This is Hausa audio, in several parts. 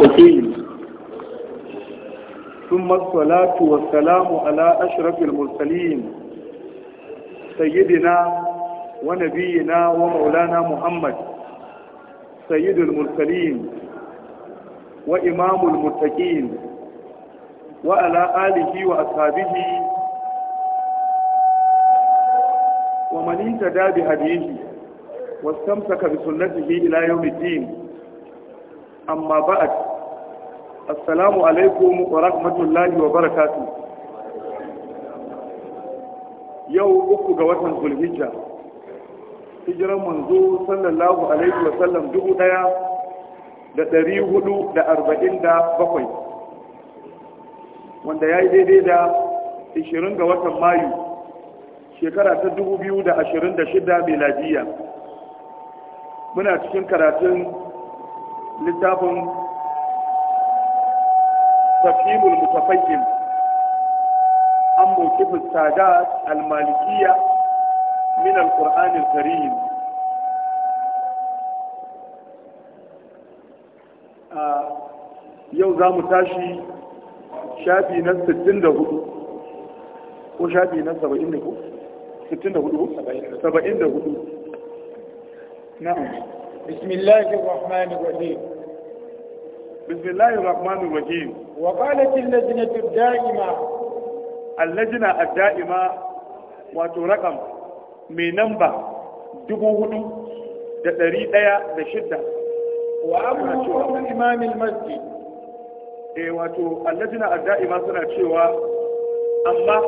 kokeyi sun matsalatu wa salamu ala ashirafin musulmi sayidina wa nabiyina wa maulana muhammad sayidul musulmi wa imamul mutaƙin wa ala alihi wa asabihi wa maninta dabi hadihi wa samsaka bisunatihi ila yau mutum amma ba'ad assalamu alaikum wa rahmatullahi wa barakatu yau uku ga watan zulhijja hijiran manzo sallallahu alaihi wa sallam dubu daya da dari hudu da arba'in da bakwai wanda ya yi daidai da ishirin ga watan mayu shekara ta dubu biyu da ashirin da shida meladiya muna cikin karatun littafin تقييم المتفهم أم موقف السادات المالكية من القرآن الكريم آه زام تاشي شابي نفس الدندة وشابي نفس سبعين ستين سبعين دهو نعم بسم الله الرحمن الرحيم بسم الله الرحمن الرحيم وقالت اللجنة الدائمة اللجنة الدائمة وترقم من نمبر دبوه da ɗari ɗaya da shidda wa abu imamin masjid eh wato allajina adda'ima suna cewa amma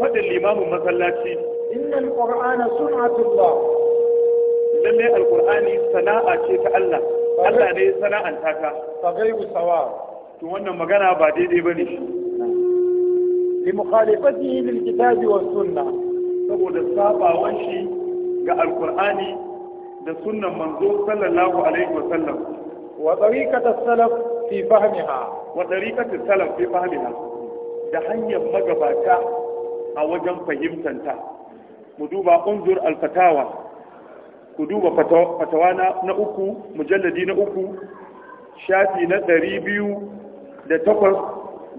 faɗin limamin masallaci inna alqur'ana sun'atullah lalle alqur'ani sana'a ce ta Allah Allah ne sana'anta ka fa sawa to wannan magana ba daidai ba. li mukhalifatihi lil kitabi was sunna saboda sabawan shi ga alkur'ani da sunnan manzo sallallahu alaihi wa sallam wa tariqat salaf fi fahmiha wa salaf fi fahmiha da hanyar magabata a wajen fahimtanta mu duba unzur al-fatawa ku duba fatawa na uku mujalladi na uku shafi na ɗari biyu da takwas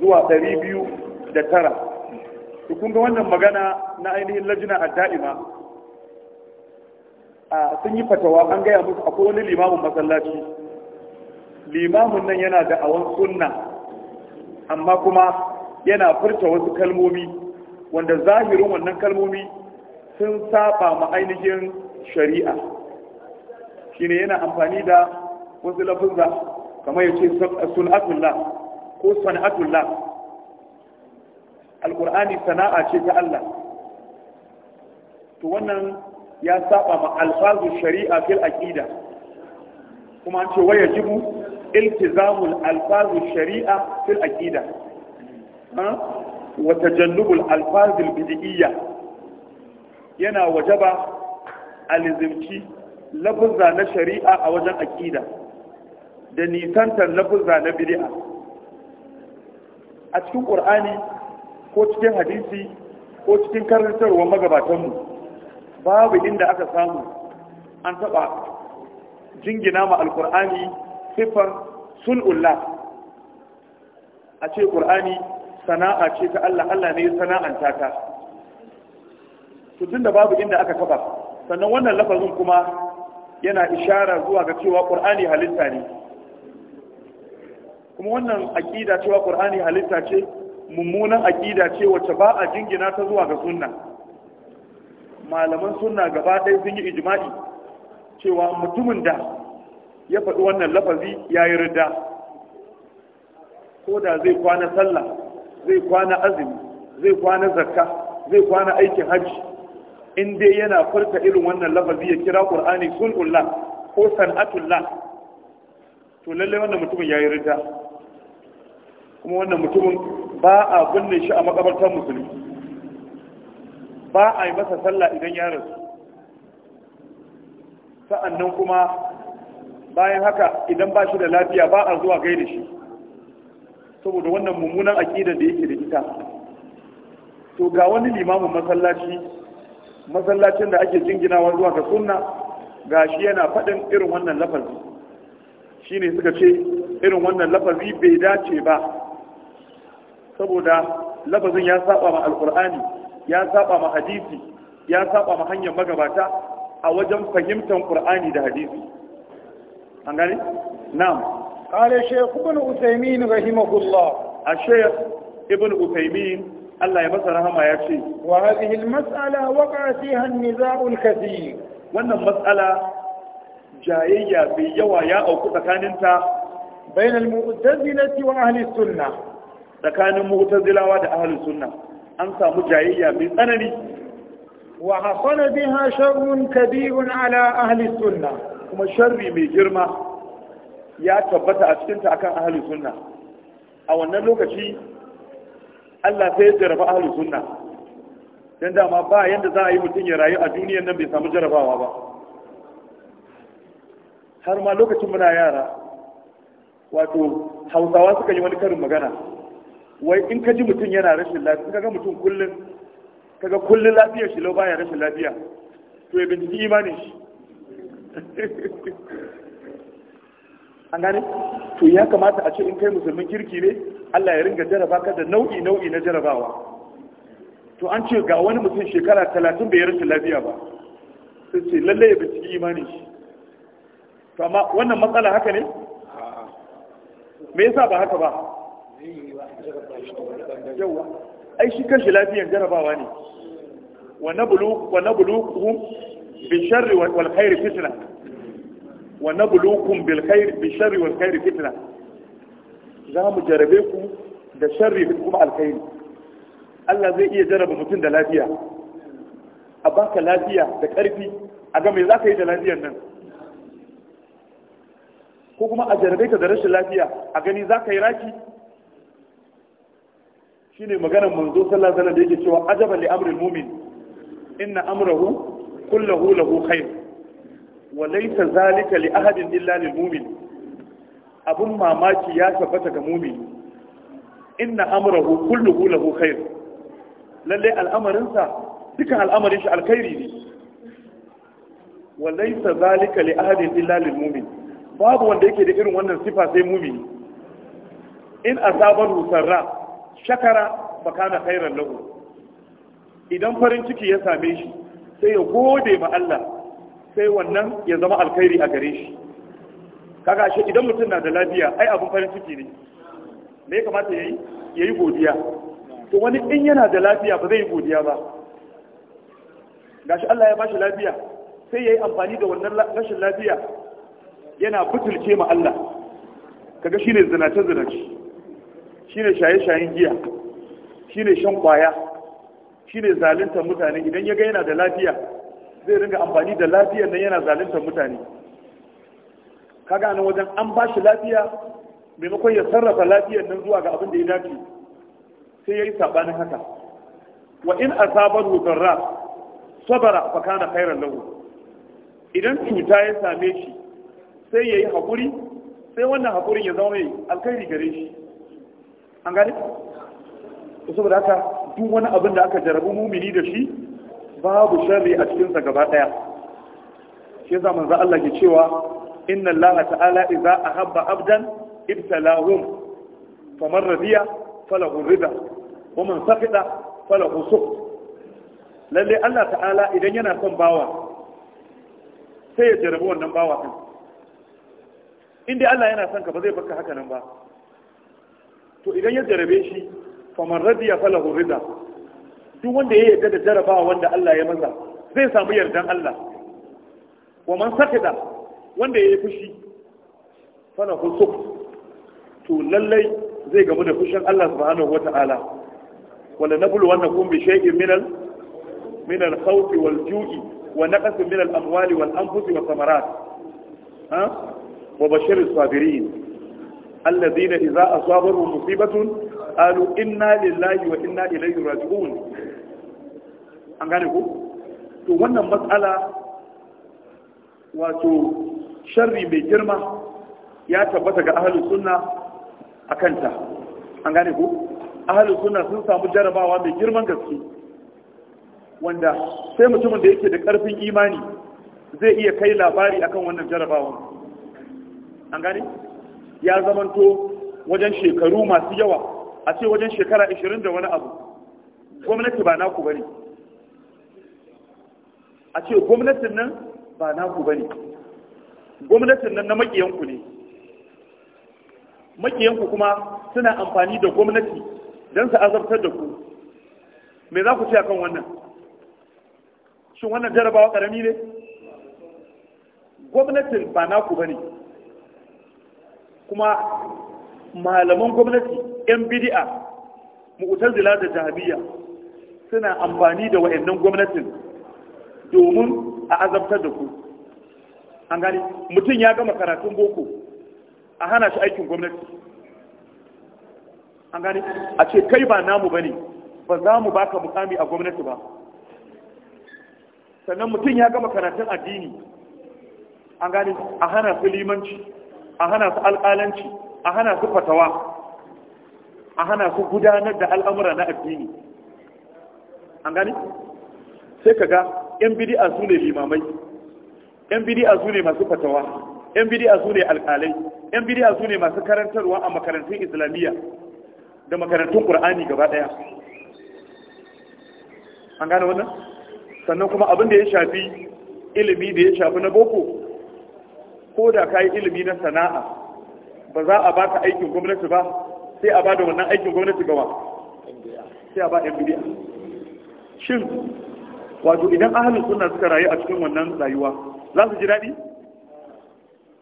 zuwa ɗari biyu da tara kun wannan magana na ainihin lajina a da'ima a sun yi fatawa an gaya musu akwai wani limamin masallaci limamin nan yana da awon sunna amma kuma yana furta wasu kalmomi wanda zahirin wannan kalmomi sun saba ma ainihin shari'a shine yana amfani da wasu lafuzza kamar yace sun'atullah ko san'atullah alqur'ani sana'a ce ta Allah to wannan ya saba ma alfazu shari'a fil aqida kuma an ce waya iltizamul alfazu shari'a fil aqida wa tajannubul alfazil bid'iyya yana wajaba alizimci lafuzza na shari'a a wajen aƙida da nisantar lafuzza na a cikin ƙur'ani ko cikin hadisi ko cikin karantarwa magabatanmu babu inda aka samu an taɓa jingina ma alƙur'ani siffar sun'ullah a ce ƙur'ani sana'a ce ta Allah Allah ne sana'anta ta to tunda babu inda aka taɓa sannan wannan lafazin kuma yana ishara zuwa ga cewa ƙur'ani halitta ne kuma wannan aƙida cewa ƙur'ani halitta ce mummunan aƙida ce wacce ba a jingina ta zuwa ga sunna malaman sunna gaba ɗaya sun yi ijima'i cewa mutumin da ya faɗi wannan lafazi ya yi rida ko da zai kwana sallah zai kwana azumi zai kwana zakka zai kwana aikin hajji in dai yana furta irin wannan lafazi ya kira qur'ani sunullah ko san'atullah to lalle wannan mutumin yayi rida kuma wannan mutumin ba a binne shi a makabartar musulmi ba a yi masa sallah idan ya rasu sa'annan kuma bayan haka idan ba shi da lafiya ba a zuwa gaida shi saboda wannan mummunan aƙidar da yake da ita to ga wani limamin masallaci masallacin da ake jinginawa zuwa ga sunna ga shi yana faɗin irin wannan lafazi shine suka ce irin wannan lafazi bai dace ba saboda lafazin ya saba ma alkur'ani ya saba ma hadisi ya saba ma hanyar magabata a wajen fahimtar qur'ani da hadisi an gane na'am qala shaykh ibn usaymin rahimahullah ash-shaykh ibn usaymin Allah ya masa rahama ya ce wa hadhihi al-mas'ala waqa fiha an-niza'u kathir wannan mas'ala jayayya bai yawa ya auku tsakaninta bayan al-mu'tazilati wa ahli sunnah tsakanin mu'tazilawa da ahli sunnah an samu jayayya mai tsanani wa hasana biha sharrun kabirun ala ahli sunnah kuma sharri mai girma ya tabbata a cikinta akan ahli sunnah a wannan lokaci Allah sai ya jarraba ahli sunna dan dama ba yanda za a yi mutum ya rayu a duniyar nan bai samu jarrabawa ba har ma lokacin muna yara wato hausawa suka yi wani karin magana wai in ka ji mutum yana rashin lafiya kaga mutun kullum kaga kullun lafiyar shi lau baya rashin lafiya to ya ji imanin shi an gane to ya kamata a ce in kai musulmin kirki ne Allah ya ringa jaraba ka da nau'i nau'i na jarabawa to an ce ga wani mutum shekara talatin bai rashin lafiya ba sai ce lalle ya binciki imani shi to amma wannan matsala haka ne me yasa ba haka ba yawa ai shi shi lafiyan jarabawa ne wa nabluhum bi sharri wal khairi fitna wa nabluukum bil khair bi sharri fitna za mu jarabe ku da sharri da kuma alkhairi Allah zai iya jaraba mutum da lafiya a baka lafiya da karfi a ga me za ka yi da lafiyar nan ko kuma a jarabe ka da rashin lafiya a gani za ka yi raki shine maganar manzo sallallahu alaihi wasallam da yake cewa ajaba li amril mu'min inna amrahu kullahu lahu khair wa laysa zalika li ahadin illa lil mu'min abun mamaki ya tabbata ga mu'min inna amrahu kulluhu lahu khair lalle al'amarin sa duka al'amarin shi alkhairi ne wa laysa zalika li ahadin illa lil mu'min babu wanda yake da irin wannan sifa sai mu'mini in asabahu sarra shakara fakana khairan lahu idan farin ciki ya same shi sai ya gode ma Allah sai wannan ya zama alkhairi a gare shi kaga shi idan mutum na da lafiya ai abin farin ciki ne me ya kamata yayi yayi godiya to wani in yana da lafiya ba zai yi godiya ba gashi Allah ya bashi lafiya sai yayi amfani da wannan rashin lafiya yana butulce ma Allah kaga shine zinace zinace shine shaye-shayen giya shine shan kwaya shine zalunta mutane idan ya ga yana da lafiya zai ringa amfani da lafiyar nan yana zaluntar mutane Ka nan wajen an ba shi lafiya maimakon ya sarrafa lafiyar nan zuwa ga abin da ya dace sai ya yi saɓanin haka wa in asabahu darra sabara fa kana khairan lahu idan cuta ya same shi sai yayi hakuri sai wannan hakurin ya zama mai alkhairi gare shi an gane saboda haka duk wani abin da aka jarabi mumini da shi babu sharri a cikinsa gaba ɗaya shi yasa manzo Allah ke cewa inna Allah ta'ala idza ahabba abdan ibtalahum famar radiya falahu rida kuma man safida falahu suq lalle Allah ta'ala idan yana son bawa sai ya jarabi wannan bawa din inda Allah yana son ka ba zai baka haka nan ba to idan ya jarabe shi famar radiya falahu rida duk wanda ya yarda da jarabawa wanda Allah ya maza zai samu yardan Allah wa man sakida wanda ya yi fushi fana husuk to lallai zai gamu da fushin Allah subhanahu wata'ala wala nabulu wannakum bi shay'in min al min al khawfi wal ju'i wa naqsin min al amwali wal anfusi wa thamarat ha wa bashir sabirin alladhina idza asabahum musibatun qalu inna lillahi wa inna ilayhi raji'un an gane ko to wannan matsala wato sharri mai girma ya tabbata ga ahalin sunna a kanta an gane ko ahalin sunna sun samu jarabawa mai girman gaske wanda sai mutumin da yake da karfin imani zai iya kai labari akan wannan jarabawan an gane ya zamanto wajen shekaru masu yawa a ce wajen shekara 20 da wani abu gwamnati ba naku bane a ce gwamnatin nan ba naku ne, gwamnatin nan na makiyanku ne makiyanku kuma suna amfani da gwamnati don su azabtar da ku me za ku ce kan wannan shin wannan jarabawa karami ne gwamnatin ba naku ne, kuma malaman gwamnati yan bidi'a mu'tazila da jahabiyya suna amfani da wayannan gwamnatin domin a azabtar da ku an gani mutum ya gama karatun boko a hana shi aikin gwamnati an gani a ce kai ba namu ba ne ba za mu baka mukami a gwamnati ba sannan mutum ya gama karatun addini an gani a hana su limanci a hana su alƙalanci a hana su fatawa a hana su gudanar da al'amura na addini an gani sai ka ga yan bidi'a su ne limamai yan bidi'a su ne masu fatawa yan bidi'a su ne alƙalai yan bidi'a su ne masu karantarwa a makarantun islamiyya da makarantun qur'ani gaba ɗaya an gane wannan sannan kuma abin da ya shafi ilimi da ya shafi na boko ko da ka yi ilimi na sana'a ba za a baka aikin gwamnati ba sai a ba da wannan aikin gwamnati gawa sai a ba yan bidi'a shin wato idan ahalin suna suka rayu a cikin wannan rayuwa za su ji daɗi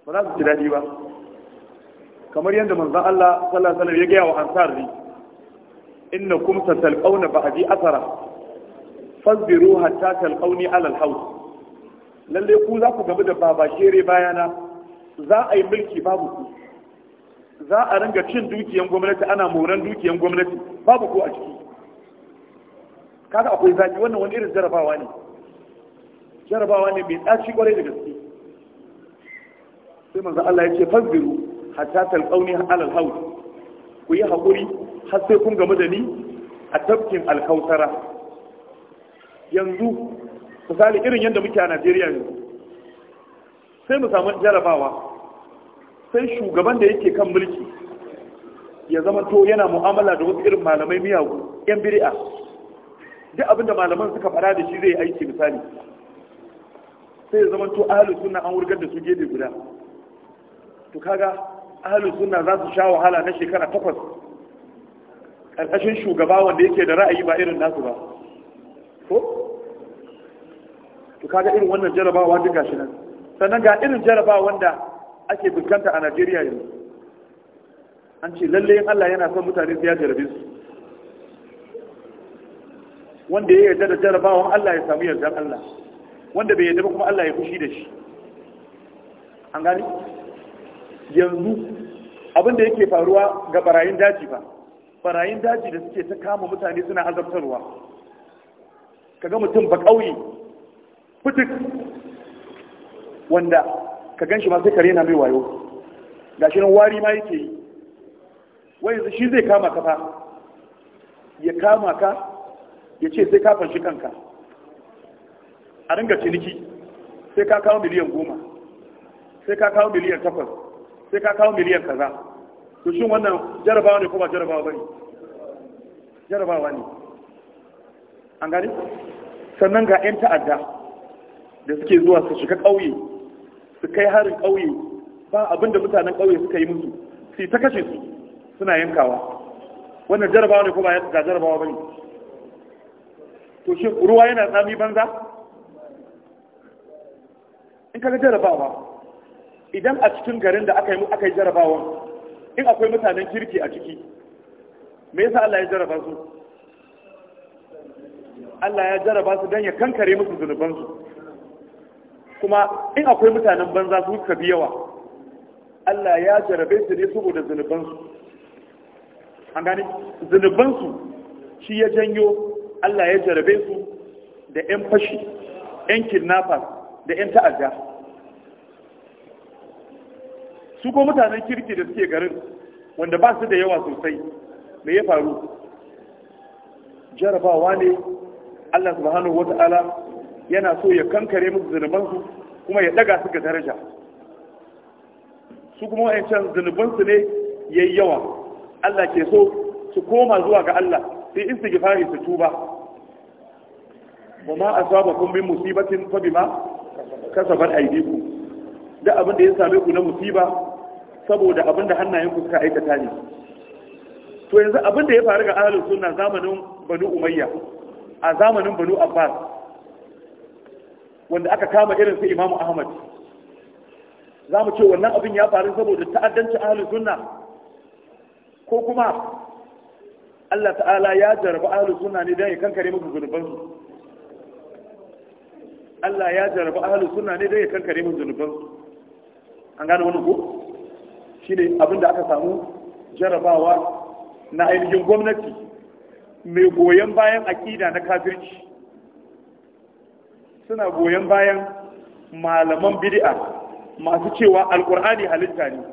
ba za su ji daɗi ba kamar yadda manzan Allah sallallahu ya gaya wa hansar ne inna kum a ji asara fasbiru hatta talƙauni alal haus lalle ku za ku gaba da baba shere bayana za a yi mulki babu ku za a ringa cin dukiyan gwamnati ana moran dukiyan gwamnati babu ku a ciki kaga akwai zaki wannan wani irin jarabawa ne jarabawa ne mai tsaci kwarai da gaske sai manzo Allah ya ce fazbiru hatta talqauni ala hawl ku yi hakuri har sai kun gamu da ni a tafkin alkautara yanzu misali irin yadda muke a Najeriya ne. sai mu samu jarabawa sai shugaban da yake kan mulki ya zama to yana mu'amala da wasu irin malamai miyagu yan biri'a duk abin da malaman suka fara da shi zai aiki misali sai zama to ahlus sunna an wurgar da su gefe guda to kaga ahlus sunna za su sha wahala na shekara takwas ƙarƙashin shugaba wanda yake da ra'ayi ba irin nasu ba ko to kaga irin wannan jarabawa duk gashi nan sannan ga irin jarabawa wanda ake fuskanta a Najeriya yanzu an ce lalle Allah yana son mutane su ya jarabe su wanda ya yarda da jarabawan Allah ya samu yarda Allah wanda bai yarda ba kuma Allah ya fushi da shi an gani yanzu abin da yake faruwa ga barayin daji ba barayin daji da suke ta kama mutane suna azabtarwa kaga mutum ba kauye fitik wanda ka gan shi ma sai kare na mai wayo shi nan wari ma yake yi wai shi zai kama ka fa ya kama ka ya ce sai kafin shi kanka a ringa ciniki sai ka kawo miliyan goma sai ka kawo miliyan takwas sai ka kawo miliyan kaza to shi wannan jarabawa ne ko ba jarabawa ba ne jarabawa ne an gani sannan ga 'yan ta'adda da suke zuwa su shiga ƙauye su kai harin ƙauye ba abin da mutanen ƙauye suka yi musu su ta kashe su suna yankawa wannan jarabawa ne ko ba ga jarabawa ba ne to shi ruwa yana tsami banza in kaga jarabawa idan a cikin garin da aka yi aka yi in akwai mutanen kirki a ciki me yasa Allah ya jaraba su Allah ya jaraba su don ya kankare musu zunubansu kuma in akwai mutanen banza su ka bi yawa Allah ya jarabe su ne saboda zunubansu an gani zunubansu shi ya janyo Allah ya jarabe su da 'yan fashi 'yan kidnappers da 'yan ta'adda su ko mutanen kirki da suke garin wanda ba su da yawa sosai mai ya faru jarabawa ne Allah subhanahu wata'ala yana so ya kankare musu zunubansu kuma ya daga su ga daraja su kuma wa'ancan zunubansu ne ya yi yawa Allah ke so su koma zuwa ga Allah su istighfari su tuba wa ma asabakum min musibatin fa bima kasabat aydikum da abin da ya same ku na musiba saboda abin da ku suka aikata ne to yanzu abin da ya faru ga ahlus sunna zamanin banu umayya a zamanin banu abbas wanda aka kama irin su imamu ahmad za mu ce wannan abin ya faru saboda ta'addanci ahlus sunna ko kuma Allah ta'ala ya jaraba ahlu sunna ne don ya kankare muku zunubansu Allah ya jaraba ahlu sunna ne don ya kankare muku zunubansu an gane wannan ko ne abinda aka samu jarabawa na ainihin gwamnati mai goyon bayan akida na kafirci suna goyon bayan malaman bid'a masu cewa alkur'ani halitta ne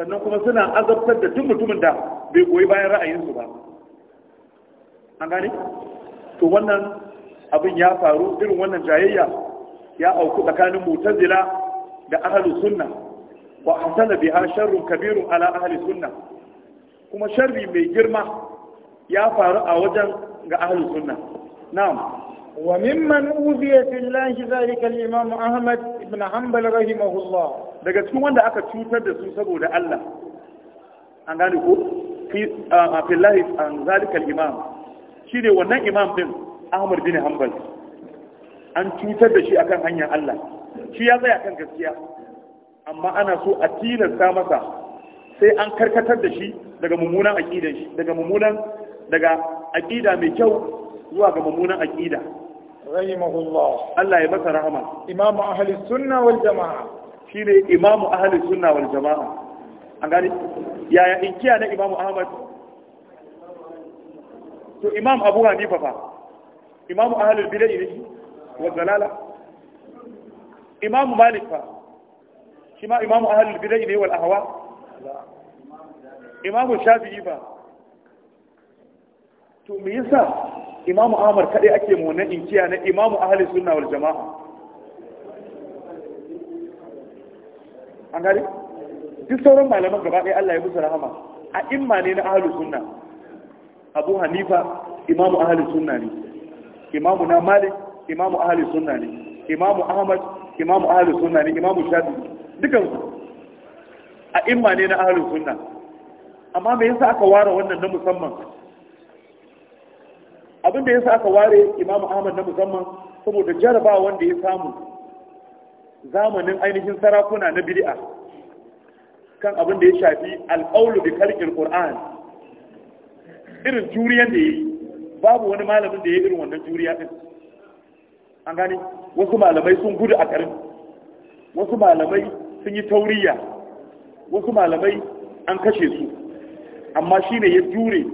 sannan kuma suna azabtar da duk mutumin da bai goyi bayan ra'ayinsu ba an gane to wannan abin ya faru irin wannan jayayya ya auku tsakanin mutazila da ahlus sunna wa hasala biha sharrun kabirun ala sunna kuma sharri mai girma ya faru a wajen ga ahlus sunna na'am wa mimman uziya الله ذلك الإمام أحمد ahmad ibn hanbal rahimahullah daga cikin wanda aka cutar da su saboda Allah an gane ko fi lahi an zalikal imam shi ne wannan imam din ahmad bin hanbal an cutar da shi akan hanyar allah shi ya tsaya kan gaskiya amma ana so a tilasta masa sai an karkatar da shi daga mummunan aƙidan shi daga mummunan daga aƙida mai kyau zuwa ga mummunan aƙida rahimahullah Allah ya masa rahama imamu ahli sunna wal jama'a Shi shine imamu ahli sunna wal jama'a an gane yaya inkiya na imamu ahmad to imam abu hanifa fa imamu ahlul bidai ne wa zalala imamu malik fa shi ma imamu ahlul bidai ne wal ahwa imamu shafi'i fa to me yasa imamu ahmad kadai ake mu na inkiya na imamu ahlus sunna wal jama'a an gane duk sauran malaman gaba ɗaya Allah ya musu rahama a imma ne na ahlus sunna Abu Hanifa imamu ahlus sunna ne imamu na Malik imamu ahlus sunna ne imamu Ahmad imamu ahlus sunna ne imamu Shafi dukan a imma ne na ahlus sunna amma me yasa aka ware wannan na musamman abin da yasa aka ware imamu Ahmad na musamman saboda jarabawa wanda ya samu zamanin ainihin sarakuna na bid'a kan abin da ya shafi alƙaulu da kalkin ƙor'an irin juriyan da yi babu wani malamin da ya irin wannan juriya ɗin an gane wasu malamai sun gudu a ƙarin, wasu malamai sun yi tauriya wasu malamai an kashe su amma shi ne ya jure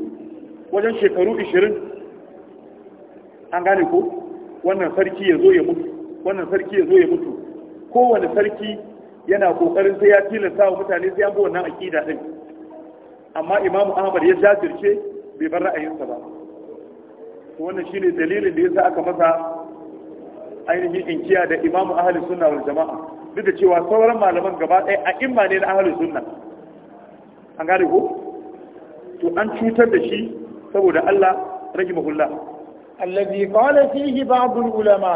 wajen shekaru 20 an gane ko wannan sarki ya zo ya mutu wannan sarki ya zo ya mutu kowane sarki yana kokarin sai ya tilasta wa mutane sai an bi wannan aqida din amma imamu ahmad ya jajirce bai bar ra'ayinsa ba wannan shine dalilin da yasa aka masa ainihin inkiya da imamu ahli sunna wal jama'a duk da cewa sauran malaman gaba ɗaya a imma ne na ahli sunna an gane ko to an cutar da shi saboda Allah rahimahullah allazi qala fihi ba'd ulama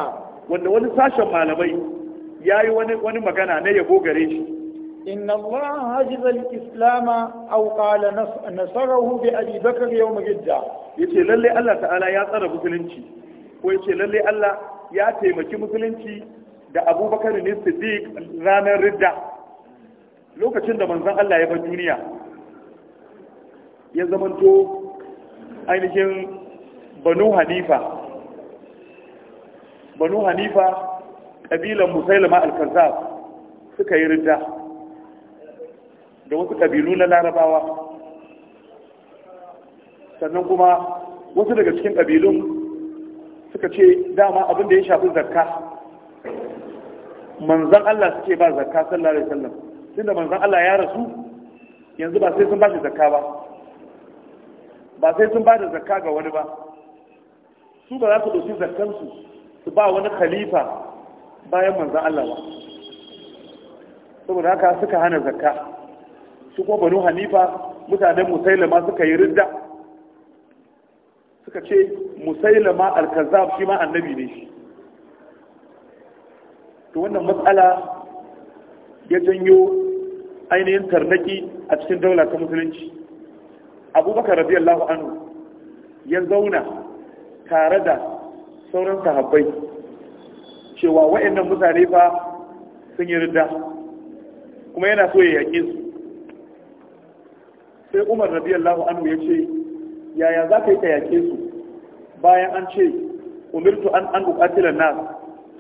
wanda wani sashen malamai Ya yi wani magana na yabo gare shi inna Allah hajiza al-islam nasarar qala nasarahu bi Abi Bakr yawm Ya yace lalle Allah ta'ala ya tsara musulunci ko yace lalle Allah ya taimaki musulunci da Abubakar ne Siddiq ranar Ridda lokacin da manzon Allah ya bar duniya ya zamanto ainihin Banu Hanifa Banu Hanifa ƙabilan musailama al-kazzab suka yi ridda da wasu ƙabilu na larabawa sannan kuma wasu daga cikin ƙabilun suka ce dama abin da ya shafi zakka manzan Allah suke ba zakka sallallahu alaihi wasallam tunda manzan Allah ya rasu yanzu ba sai sun ba shi zakka ba ba sai sun ba da zakka ga wani ba su ba za su ɗauki zakkansu su ba wani khalifa bayan manzan Allah ba saboda haka suka hana zakka su kuma banu hanifa mutanen musailama suka yi ridda suka ce musailama alkazab shi ma annabi ne shi to wannan matsala ya janyo ainihin tarnaki a cikin daular ta musulunci abubakar radiyallahu anhu ya zauna tare da sauran sahabbai cewa wa'annan mutane fa sun yi ridda kuma yana so ya yaƙe su sai umar radiyallahu anhu ya ce yaya za ka yi ka yaƙe su bayan an ce umirtu an an buƙatilan nas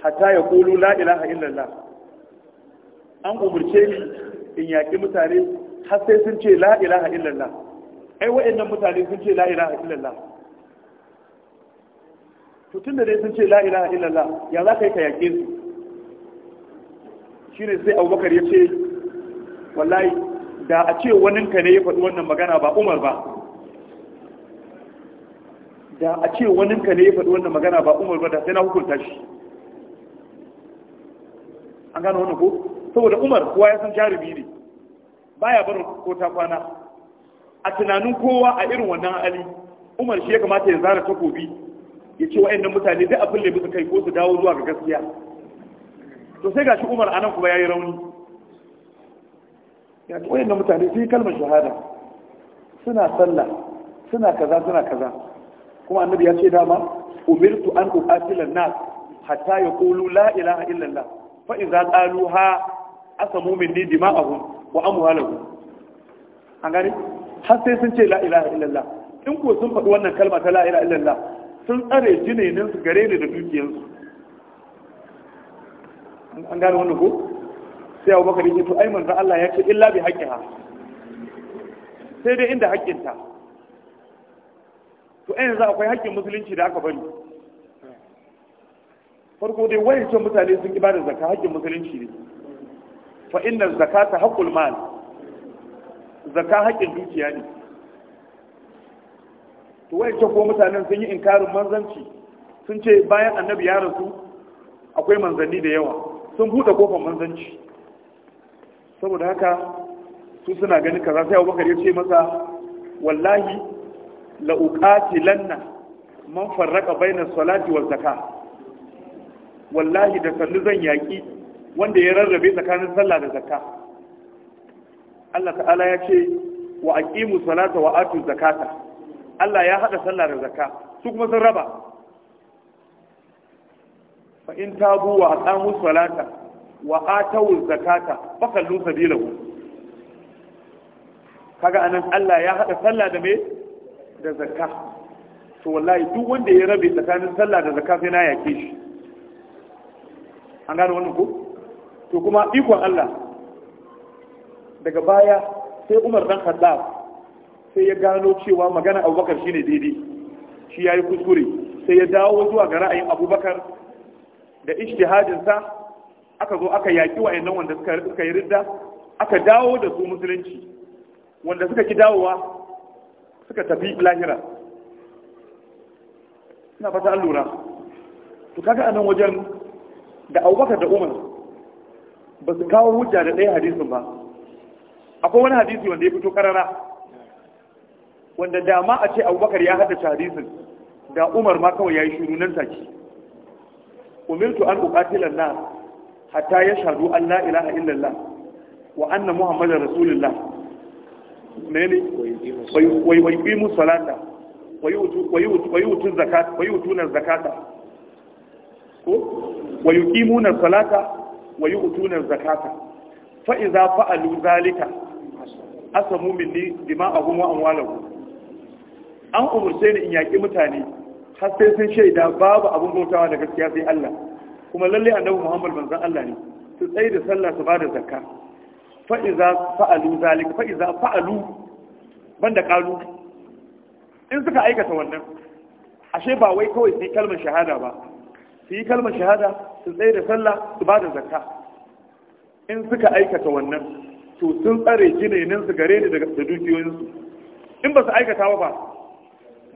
hatta ya kulu la ilaha illallah an umarce ni in yaƙi mutane har sai sun ce la ilaha illallah ai wa'annan mutane sun ce la ilaha illallah to tun da dai sun ce la'ila ilaha illallah ya za ka yi kayake su shi ne sai abubakar ya ce wallahi da a ce wani ka ne ya faɗi wannan magana ba umar ba da a ce wani ka ne ya faɗi wannan magana ba umar ba da sai na hukunta shi an gano wannan ko saboda umar kowa ya san jarumi ne baya barin ko ta kwana a tunanin kowa a irin wannan hali umar shi ya kamata ya zara takobi ya ce nan mutane duk abin da musu kai ko su dawo zuwa ga gaskiya to sai gashi umar anan kuma ya yi rauni ya ce nan mutane sai kalmar shahada suna sallah suna kaza suna kaza kuma annabi ya ce dama umirtu an uqatila nas hatta yaqulu la ilaha illallah fa idza qaluha asamu minni dima'ahum wa amwalahum an gani har sai sun ce la ilaha illallah in ko sun faɗi wannan kalma ta la ilaha illallah sun tsare jineninsu gare ni da dukiyarsu an gane wannan ko sai abu bakar yake to ai manzo Allah ya ce illa bi haqqiha sai dai inda haƙƙinta to ai yanzu akwai haƙƙin musulunci da aka bari farko dai wayancan mutane sun ki bada zakka haƙƙin musulunci ne fa inna zakata haqqul mal zakka haƙƙin dukiya ne to ce ko mutanen sun yi inkarin manzanci sun ce bayan annabi ya rasu akwai manzanni da yawa sun buɗe kofar manzanci saboda haka su suna ganin kaza sai abubakar ya ce masa wallahi la lanna man farraqa baina salati wal zakah wallahi da sallu zan yaki wanda ya rarrabe tsakanin sallah da zakka Allah ta'ala ya ce wa aqimu salata wa atu zakata Allah ya haɗa sallah da zakka su kuma sun raba fa in tabu wa aqamu salata wa atawu zakata fa kallu sabilahu kaga anan Allah ya haɗa sallah da me da zakka to wallahi duk wanda ya rabe tsakanin sallah da zakka sai na yake shi an gano wannan ko to kuma ikon Allah daga baya sai Umar dan Khattab sai ya gano cewa magana abubakar shi ne daidai shi ya yi kuskure sai ya dawo zuwa ga ra'ayin abubakar da ishtihadinsa aka zo aka yaƙi nan wanda suka yi ridda aka dawo da su musulunci wanda suka ki dawowa suka tafi lahira ina fata an lura to kaga nan wajen da abubakar da umar ba su kawo hujja da ɗaya hadisin ba akwai wani hadisi wanda ya fito karara wanda dama a ce abubakar ya haɗa tarihin, da umar ma kawai ya yi shuru nan take umirtu an uqatilan na hatta yashhadu an la ilaha illallah wa anna muhammadar rasulullah ne? wai wai bi musallata wai wai wutun zakata wai wutunan zakata ko wai yuqimuna salata wai wutunan zakata fa fa'alu zalika asamu minni dima'ahum wa amwalahum an umurce ni in yaƙi mutane har sai sun shaida babu abin bautawa da gaskiya sai Allah kuma lalle annabi Muhammad manzon Allah ne su tsaye da sallah su bada zakka fa iza fa'alu zalika fa iza fa'alu banda qalu in suka aikata wannan ashe ba wai kawai su yi kalmar shahada ba su yi kalmar shahada su tsaye da sallah su bada zakka in suka aikata wannan to sun tsare jinin su gare ni daga dukiyoyinsu in ba su aikata ba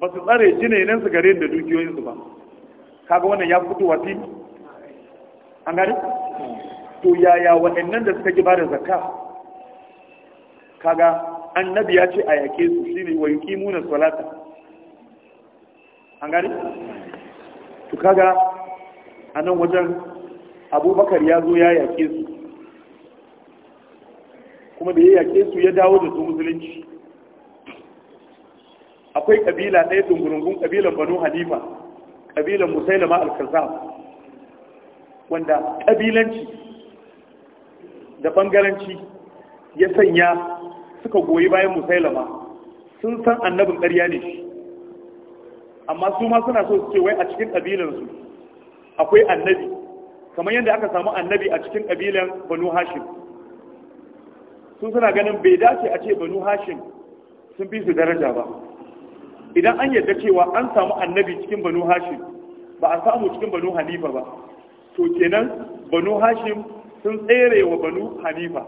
ba su tsare jinainan su gare da dukiyoyinsu ba kaga wannan ya fito wa fili an gani to yaya waɗannan da suka giba da zakka kaga annabi ya ce a yake su shine wa yuqimuna salata an gani to kaga a nan wajen abubakar ya zo ya yake su kuma da ya yake su ya dawo da su musulunci akwai kabila ɗaya dungurungun kabilan banu hanifa kabilan musailama al-kazzab wanda kabilanci da bangaranci ya sanya suka goyi bayan musailama sun san annabin ƙarya ne amma su ma suna so su ce wai a cikin kabilansu akwai annabi kamar yadda aka samu annabi a cikin kabilan banu hashim sun suna ganin bai dace a ce banu hashim sun fi su daraja ba idan an yarda cewa an samu annabi cikin banu hashim ba a samu cikin banu hanifa ba to kenan banu hashim sun tsere wa banu hanifa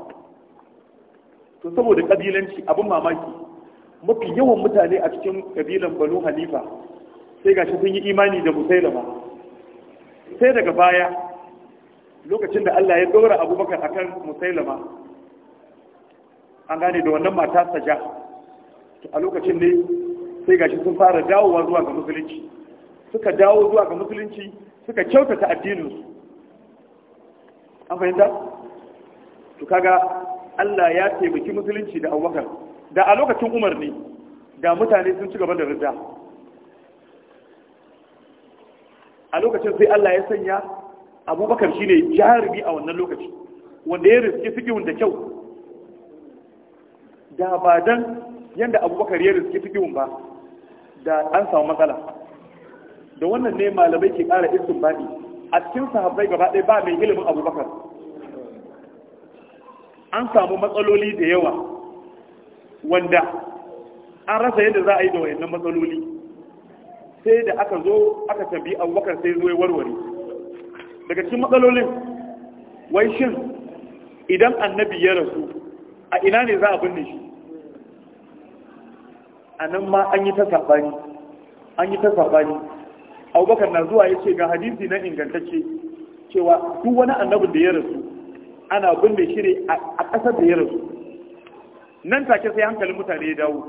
to saboda kabilanci abin mamaki mafi yawan mutane a cikin kabilan banu hanifa sai gashi sun yi imani da musailama sai daga baya lokacin da Allah ya dora abubakar a kan musailama an gane da wannan mata saja a lokacin ne sai gashi sun fara dawowa zuwa ga musulunci suka dawo zuwa ga musulunci suka kyautata addininsu an fahimta to kaga Allah ya taimaki musulunci da Abubakar da a lokacin Umar ne da mutane sun ci gaba da rida a lokacin sai Allah ya sanya Abubakar shine jarumi a wannan lokaci wanda ya riske fikihun da kyau da ba dan yanda Abubakar ya riske fikihun ba da an samu matsala da wannan ne malamai ke kara isin baɗi a cikin sahabbai gaba ɗaya ba mai ilimin abubakar an samu matsaloli da yawa wanda an rasa yadda za a yi da wayannan matsaloli sai da aka zo aka tabi abubakar sai zo ya warware daga cikin matsalolin wai shin idan annabi ya rasu a ina ne za a binne shi a nan ma an yi ta saɓani an yi ta saɓani abubakar na zuwa ya ce ga hadisi na ingantacce cewa duk wani annabin da ya rasu ana binne shi ne a ƙasar da ya rasu nan take sai hankalin mutane ya dawo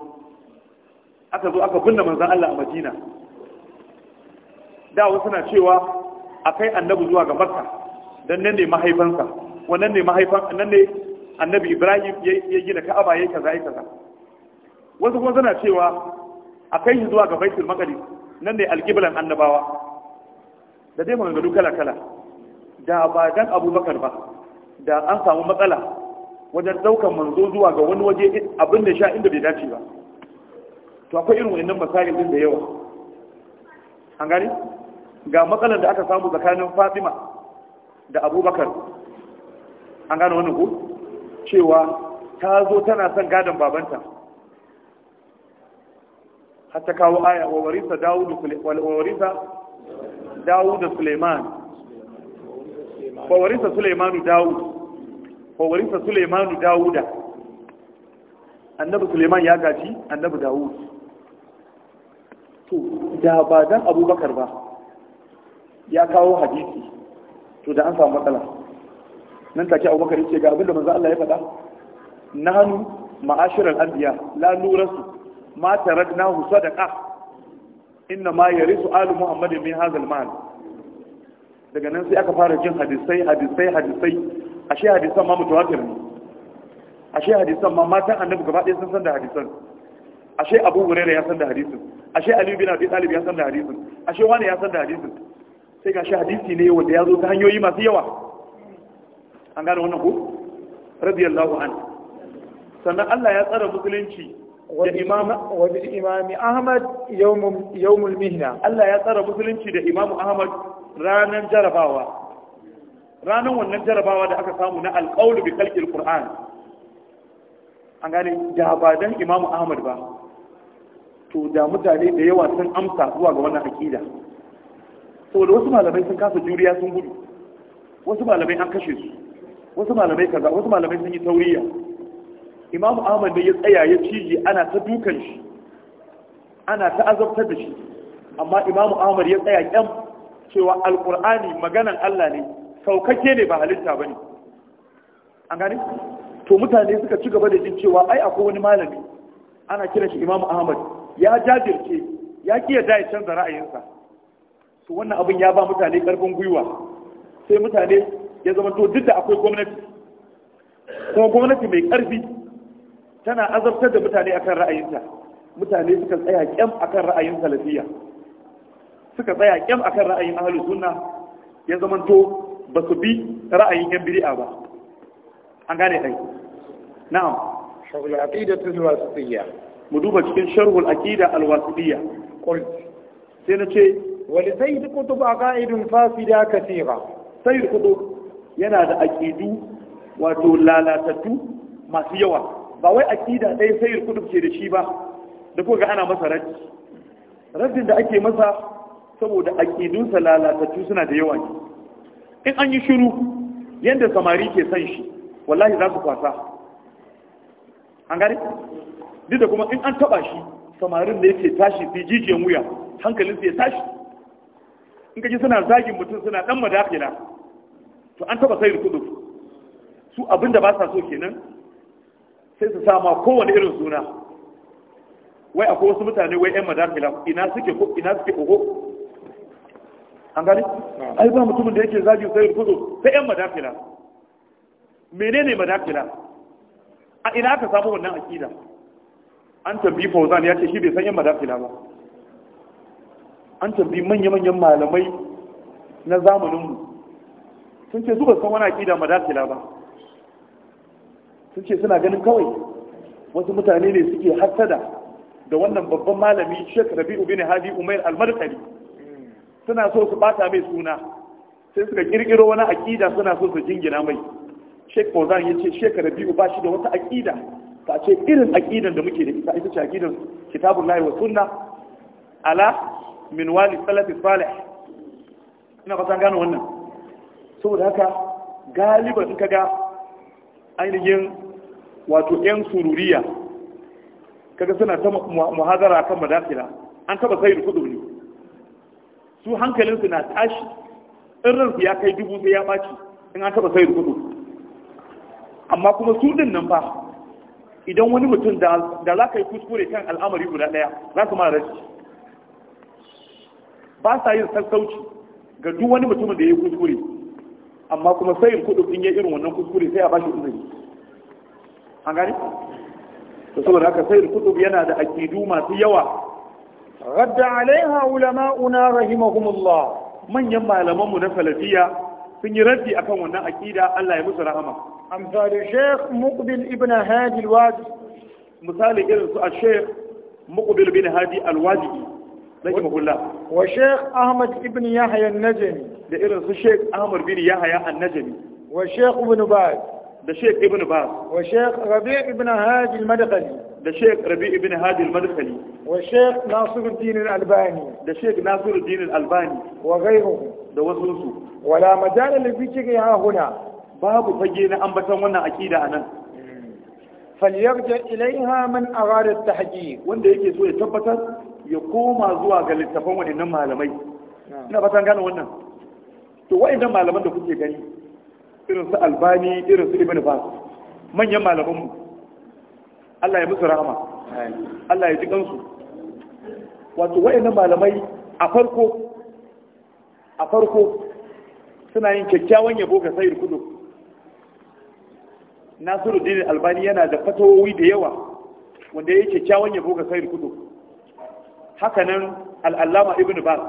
aka zo aka binne manzan Allah a Madina da wasu na cewa akai annabi zuwa ga Makka dan nan ne mahaifansa wannan ne mahaifan nan ne annabi Ibrahim ya gina Ka'aba yayin kaza yayin kaza wasu kuma suna cewa a kai shi zuwa ga baitul maqdis nan ne alqiblan annabawa da dai maganganu kala kala da ba dan abubakar ba da an samu matsala wajen daukan manzo zuwa ga wani waje abin da sha inda bai dace ba to akwai irin wannan masail din da yawa an gani ga matsalar da aka samu tsakanin Fatima da Abubakar an gane wannan ko cewa ta zo tana son gadon babanta har kawo aya wa warisa dawud da suleiman wa warisa suleimanu dawud wa warisa suleimanu dawuda annabi suleiman ya gaji annabi dawud to da ba dan abubakar ba ya kawo hadisi to da an samu matsala nan take abubakar yace ga abinda manzo Allah ya faɗa nahnu ma'ashiral anbiya la nurasu ma taraknahu sadaqa inna ma yarisu alu muhammadin min hadha al daga nan sai aka fara jin hadisai hadisai hadisai ashe hadisan ma mutawatir ne ashe hadisan ma matan annabi gaba ɗaya sun san da hadisan ashe abu hurairah ya san da hadisin ashe ali bin abi talib ya san da hadisin ashe wani ya san da hadisin sai ga shi hadisi ne wanda ya zo ta hanyoyi masu yawa an gane wannan ku radiyallahu an sannan Allah ya tsara musulunci wa imami ahmad yawmul mihna Allah ya tsara musulunci da imamu ahmad ranan jarabawa ranan wannan jarabawa da aka samu na alqaul bi khalqil qur'an an gane da ba dan imamu ahmad ba to da mutane da yawa sun amsa zuwa ga wannan aqida saboda wasu malamai sun kafa juriya sun gudu wasu malamai an kashe su wasu malamai kaza wasu malamai sun yi tauriya imamu ahmad ne ya tsaya ya cije ana ta dukan shi ana ta azabtar da shi amma imamu ahmad ya tsaya kyam cewa alkur'ani maganan allah ne saukake ne ba halitta ba ne an gane to mutane suka ci gaba da jin cewa ai akwai wani malami ana kiran shi imamu ahmad ya jajirce ya ki da ya canza ra'ayinsa to wannan abin ya ba mutane karfin gwiwa sai mutane ya zama to duk da akwai gwamnati kuma gwamnati mai karfi tana azabtar da mutane akan ra'ayinta mutane suka tsaya kyam akan ra'ayin salafiya suka tsaya kyam akan ra'ayin ahlus sunna ya zamanto ba su bi ra'ayin yan bid'a ba an gane kai na'am sharhul aqidatu al-wasitiyya mu duba cikin sharhul aqida al-wasitiyya qul sai na ce wali sayyid qutub aqaidun fasida kathira sayyid qutub yana da aqidu wato lalatattu masu yawa ba wai akida ɗaya sayar kudub ke da shi ba da kuka ana masa raddi raddin da ake masa saboda sa lalatattu suna da yawa ne in an yi shiru yadda samari ke son shi wallahi za su kwasa an gane duk da kuma in an taba shi samarin da yake tashi su jijiyar wuya su ya tashi in kaji suna zagin mutum suna dan madafina. to an taba sayar kudub su abinda ba sa so kenan sai su sama kowane irin suna wai akwai wasu mutane wai 'yan madafila ina suke ko ina suke ko an gani ai ba mutumin da yake zagi sai kudu sai 'yan madafila menene madafila a ina aka samu wannan akida an tambayi fauzan ya ce shi bai san 'yan madafila ba an tambayi manya-manyan malamai na zamaninmu sun ce su ba san wani akida madafila ba sun ce suna ganin kawai wasu mutane ne suke hasada da wannan babban malami shek Rabi'u bin Hadi Umair al suna so su bata mai suna sai suka kirkiro wani aqida suna so su jingina mai shek Bozan ya ce Rabi'u ba shi da wata aqida ta ce irin aqidan da muke da ita ita ce aqidan Kitabullahi wa Sunna ala min wali salafi salih ina san gano wannan saboda haka galiba in kaga ainihin wato yan sururiya kaga suna ta muhazara kan madafila an taba sayar kudu ne su hankalinsu na tashi in ransu ya kai dubu sai ya ɓaci in an taba sayar kudu amma kuma su din nan fa idan wani mutum da za ka yi kuskure kan al'amari guda ɗaya za su mara rashi ba sa yin sassauci ga duk wani mutumin da ya yi kuskure amma kuma sayin kudu in ya irin wannan kuskure sai a bashi shi an gane to saboda haka sayyid kutub yana da akidu masu yawa radda alaiha ulama'una rahimahumullah manyan malaman mu na salafiya sun yi raddi akan wannan akida Allah ya musu rahama amsal sheikh muqbil ibn hadi alwadi misali irin su sheikh muqbil ibn hadi alwadi rahimahullah wa sheikh ahmad ibn yahya an-najmi da irin su sheikh ahmad bin yahya an-najmi wa sheikh ibn baz da Sheikh Ibn Baz wa Sheikh Rabi' ibn Hadi al da Sheikh Rabi' ibn Hadi al-Madkhali wa Sheikh albani da Sheikh Nasiruddin al-Albani wa ghayruhu da wasu su wala majala li fikriha huna babu fage na ambaton wannan akida anan falyarja ilaiha man arada tahqiq wanda yake so ya tabbatar ya koma zuwa ga littafan waɗannan malamai ina fatan gane wannan to malaman da kuke gani irin su albani irin su ibn bas manyan malamanmu Allah ya musu rahama Allah ya ji kansu wato wayannan malamai a farko a farko suna yin kyakkyawan yabo ga sayar kudu nasiru dinin albani yana da fatawowi da yawa wanda ya yi kyakkyawan yabo ga sayar kudu hakanan al'allama ibn bas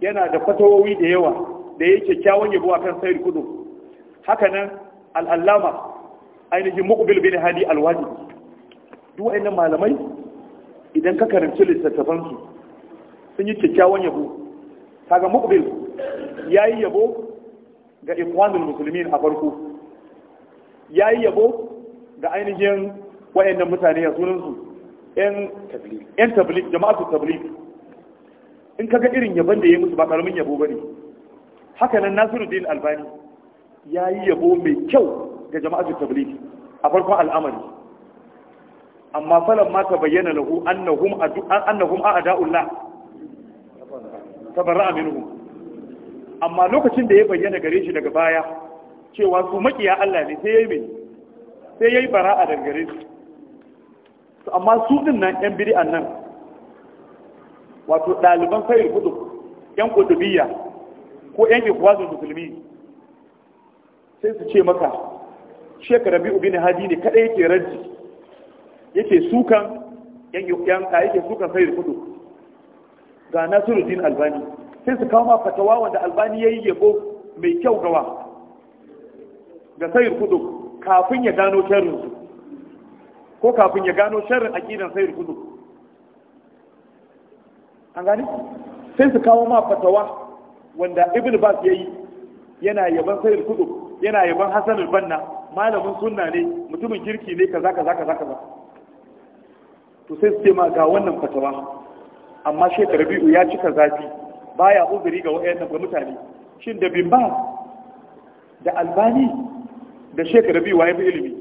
yana da fatawowi da yawa da ya yi kyakkyawan yabo a kan sayar kudu hakanan al'allama ainihin muqbil bin hadi alwadi duk wayannan malamai idan ka karanci littattafansu sun yi kyakkyawan yabo kaga ya yi yabo ga ikwamin musulmin a farko yi yabo ga ainihin wayannan mutane ya sunansu yan tabligh jama'atu tabligh in kaga irin yabon da yi musu ba karamin yabo bane haka nan Nasiruddin Albani ya yi yabo mai kyau ga jama'atul tabliki a farkon al'amari amma falon ma bayyana lahu annahum annahum a'da'ullah tabarra'a minhum amma lokacin da ya bayyana gare shi daga baya cewa su makiya Allah ne sai ya mai sai yayi bara'a daga gare su amma su din nan yan bid'an nan wato daliban sayar kudu yan kudubiya ko yan ikwazin musulmi sai su ce maka shekara biyu bin hadi ne kada yake raddi yake sukan yan yan ka yake sukan sai kudu ga Nasiruddin Albani sai su kawo ma fatawa wanda Albani yayi yabo mai kyau gawa ga sayar kudu kafin ya gano sharrin su ko kafin ya gano sharrin aqidan sayar kudu an gane sai su kawo ma fatawa wanda Ibn Bas yayi yana yaban sayar kudu yana yaban Hassan al-Banna malamin sunna ne mutumin kirki ne kaza kaza kaza kaza to sai su ce ma ga wannan fatawa amma Sheikh Rabi'u ya cika zafi baya uzuri ga wayannan ga mutane shin da bimba, da Albani da Sheikh Rabi'u ya fi ilimi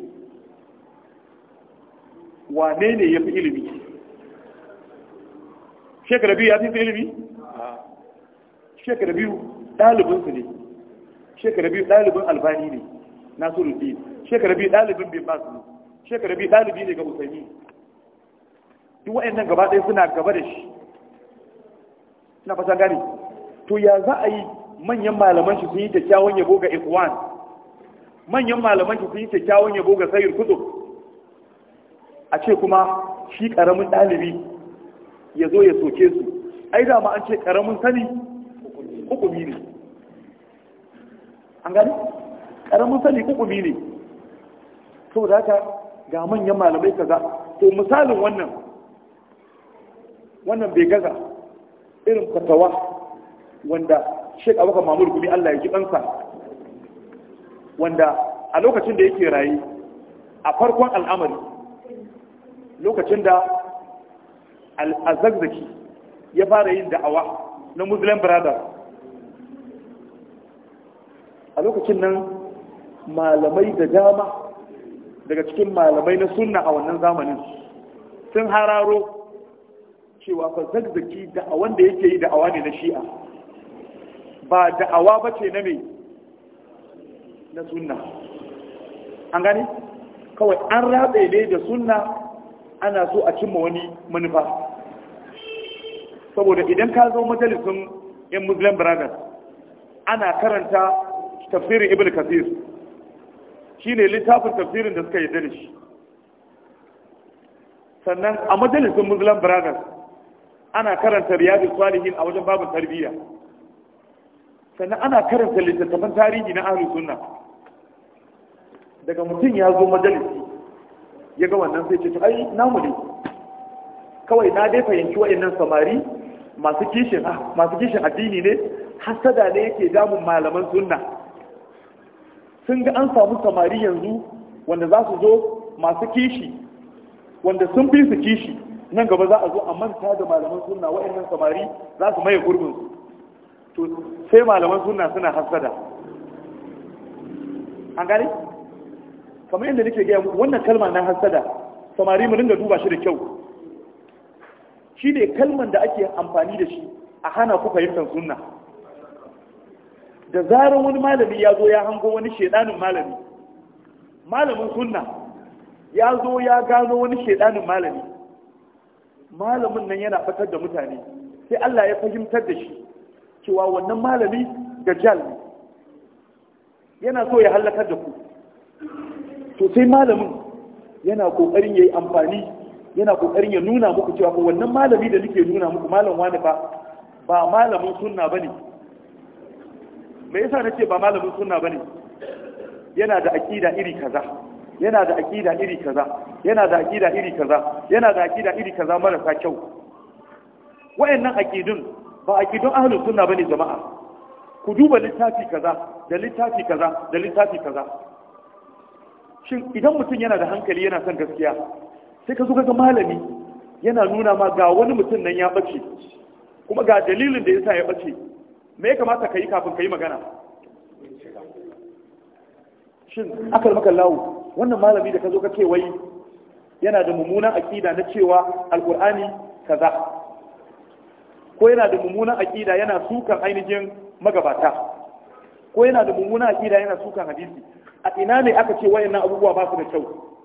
wane ne ya fi ilimi Sheikh Rabi'u ya fi ilimi Sheikh Rabi'u ɗalibinsu ne shekara biyu ɗalibin albani ne na surufi shekara biyu ɗalibin bin basu ne shekara biyu ɗalibi ne ga usaini duk wa'annan gaba ɗaya suna gaba da shi suna fata gani. to ya za a yi manyan malaman shi sun yi kyakkyawan yabo ga ikwan manyan malaman shi sun yi kyakkyawan yabo ga sayar kudu a ce kuma shi ƙaramin ɗalibi ya zo ya soke su ai dama an ce ƙaramin sani hukumi ne an gani karamin sani kukumi ne da haka ga manyan malamai kaza to misalin wannan wannan bai gaza irin fatawa wanda shek abuka mamur Gumi Allah ya ji kansa wanda a lokacin da yake raye a farkon al'amari lokacin da al'azazzaki ya fara yin da'awa na Muslim Brothers a lokacin nan malamai da dama daga cikin malamai na sunna a wannan zamanin sun hararo cewa ba zagzaki da wanda yake yi da'awa ne na shi'a ba da'awa ba ce na mai na sunna an gani kawai an rabe ne da sunna ana so a cimma wani manufa saboda idan ka zo majalisun yan muslim brothers ana karanta tafsirin ibn kasir ne littafin tafsirin da suka yi da shi sannan a majalisun muslim brothers ana karanta riyadu salihin a wajen babin tarbiyya sannan ana karanta littattafan tarihi na ahli sunna daga mutum ya zo majalisi ya ga wannan sai ce ai namu ne kawai na dai fahimci wa'annan samari masu kishin ah, masu kishin addini ne hasada ne yake damun malaman sunna sun ga an samu samari yanzu wanda za su zo masu kishi wanda sun fi su kishi nan gaba za a zo a manta da malaman suna wa'annan samari za su maye gurbin su to sai malaman suna suna hasada an gane kamar yadda nake gaya muku wannan kalma na hasada samari mu dinga duba shi da kyau shi ne kalman da ake amfani da shi a hana ku fahimtar sunna da zarar wani malami ya zo ya hango wani shedanin malami malamin sunna ya zo ya gano wani shedanin malami malamin nan yana fatar da mutane sai Allah ya fahimtar da shi cewa wannan malami da ne yana so ya halakar da ku to sai malamin yana kokarin yayi amfani yana kokarin ya nuna muku cewa ko wannan malami da nake nuna muku malam wani ba ba malamin sunna ne. me yasa nace ba malamin sunna bane yana da aqida iri kaza yana da aqida iri kaza yana da aqida iri kaza yana da aqida iri kaza marasa kyau wayannan aqidun ba aqidun ahlus sunna bane jama'a ku duba littafi kaza da littafi kaza da littafi kaza shin idan mutum yana da hankali yana son gaskiya sai ka zo ga malami yana nuna ma ga wani mutum nan ya bace kuma ga dalilin da yasa ya bace me ya kamata ka yi kafin ka yi magana shin akal maka lawo wannan malami da ka zo ka ce wai yana da mummunan akida na cewa alkur'ani kaza ko yana da mummunan akida yana sukan ainihin magabata ko yana da mummunan akida yana sukan hadisi a ina ne aka ce wayannan abubuwa ba su da kyau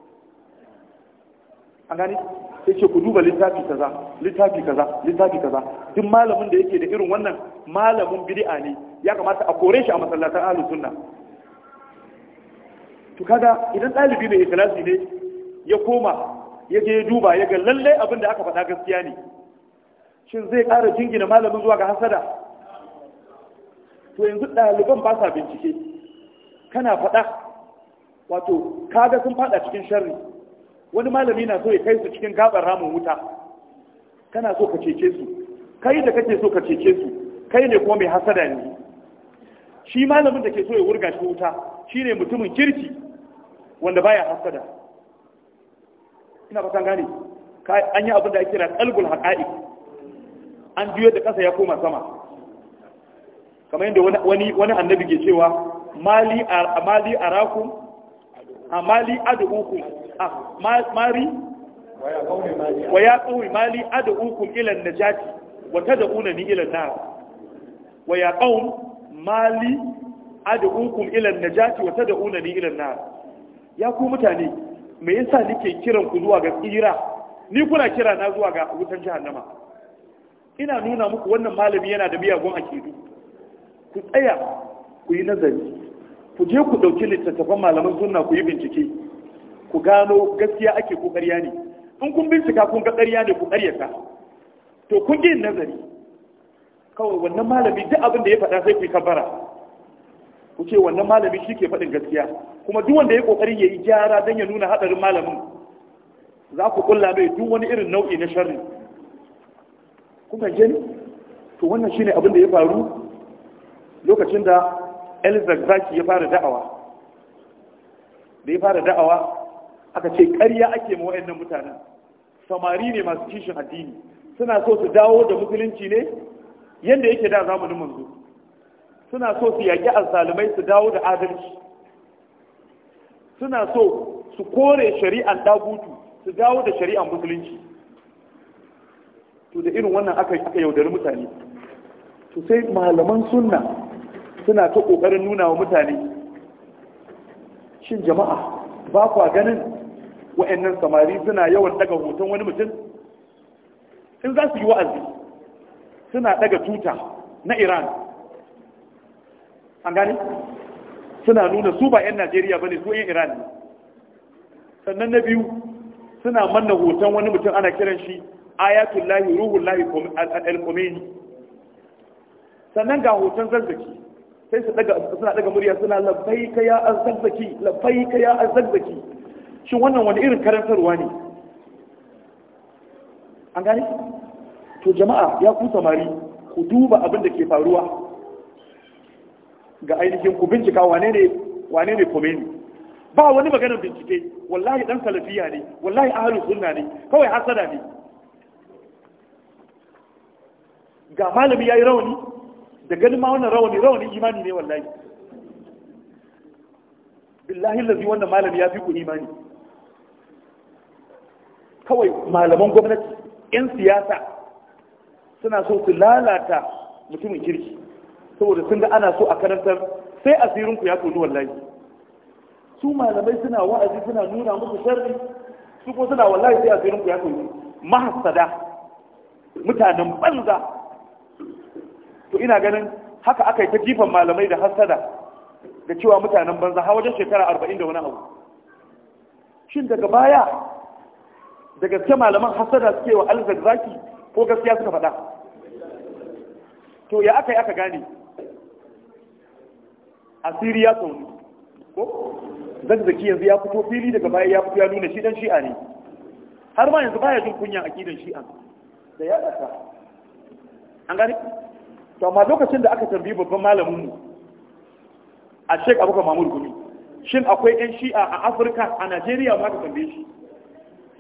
an gani sai ce ku duba littafi kaza littafi kaza littafi kaza duk malamin da yake da irin wannan malamin bid'a ne ya kamata a kore shi a masallatan ahlus sunna to kaga idan dalibi mai ikhlasi ne ya koma ya je ya duba ya ga lalle abin da aka faɗa gaskiya ne shin zai ƙara jingina malamin zuwa ga hasada to yanzu ɗaliban ba sa bincike kana faɗa wato kaga sun faɗa cikin sharri wani malami na so ya kai su cikin gabar ramin wuta kana so ka cece su kai da kake so ka cece su kai ne kuma mai hasada ne shi malamin da ke so ya wurga shi wuta shine mutumin kirki wanda baya hasada ina san gane an yi abin da ake kira qalbul haƙa'i an juyo da kasa ya koma sama kamar yadda wani wani annabi ke cewa mali mali a amali ad'ukum mari wa ya qaumi mali ukun ilan na najati wata da ni ilan na wa ya qaum mali ad'ukum ila an-najati wa tad'unani ni ilan na ya ku mutane mai yasa nike kiran ku zuwa ga tsira ni kuna kira na zuwa ga wutan jahannama ina nuna muku wannan malami yana da miyagun akidu ku tsaya ku yi nazari ku je ku ɗauki littattafan malaman sunna ku yi bincike ku gano gaskiya ake ku ƙarya ne in kun bincika kun ga ƙarya ne ku ƙaryata to kun yi nazari kawai wannan malami duk abin da ya faɗa sai ku yi kabara ku ce wannan malami shi ke faɗin gaskiya kuma duk wanda ya ƙoƙari ya yi gyara don ya nuna haɗarin malamin za ku ƙulla mai duk wani irin nau'i na sharri kun fahimce ni to wannan ne abin da ya faru lokacin da elizabeth zaki ya fara da'awa da ya fara da'awa aka ce ƙarya ake ma wa'annan mutanen samari ne masu kishin addini suna so su dawo da musulunci ne yadda yake da zamanin manzo suna so su yaƙi azzalumai su dawo da adalci suna so su kore shari'an dagutu su dawo da shari'an musulunci to da irin wannan aka aka yaudari mutane to sai malaman sunna suna ta kokarin nuna wa mutane shin jama'a ba kwa ganin wa'annan samari suna yawan daga hoton wani mutum in za su yi wa'azi suna daga tuta na iran an gane suna nuna su ba 'yan najeriya ba ne su 'yan iran ne sannan na biyu suna manna hoton wani mutum ana kiran shi ayatullahi ruhullahi al-khomeini sannan ga hoton zazzaki sai su daga suna daga murya suna labbaika ya azzaki labbaika ya azzaki shin wannan wani irin karantarwa ne an gane to jama'a ya ku samari ku duba abin da ke faruwa ga ainihin ku bincika wane ne wane ne ba wani maganin bincike wallahi dan salafiya ne wallahi ahlu sunna ne kawai hasada ne ga malami yayi rauni da ganin ma wannan rauni rauni imani ne wallahi billahi lazi wannan malami ya fi ku imani kawai malaman gwamnati 'yan siyasa suna so su lalata mutumin kirki saboda sun ga ana so a karantar sai asirinku ya tonu wallahi su malamai suna wa'azi suna nuna musu sharri su ko suna wallahi sai asirinku ya tonu mahassada mutanen banza to ina ganin haka aka yi ta jifan malamai da hassada da cewa mutanen banza har wajen shekara arba'in da wani abu shin daga baya da gaske malaman hasada suke wa alzazzaki ko gaskiya suka faɗa to ya aka yi aka gane asiri ya sauni ko zazzaki yanzu ya fito fili daga baya ya fito ya nuna shi dan shi'a ne har ma yanzu baya jin kunyan akidan shi'a da ya ɗaka an gane to amma lokacin da aka tambayi babban malamin mu a shek abubakar mamur gumi shin akwai yan shi'a a afirka a najeriya ma ka tambaye shi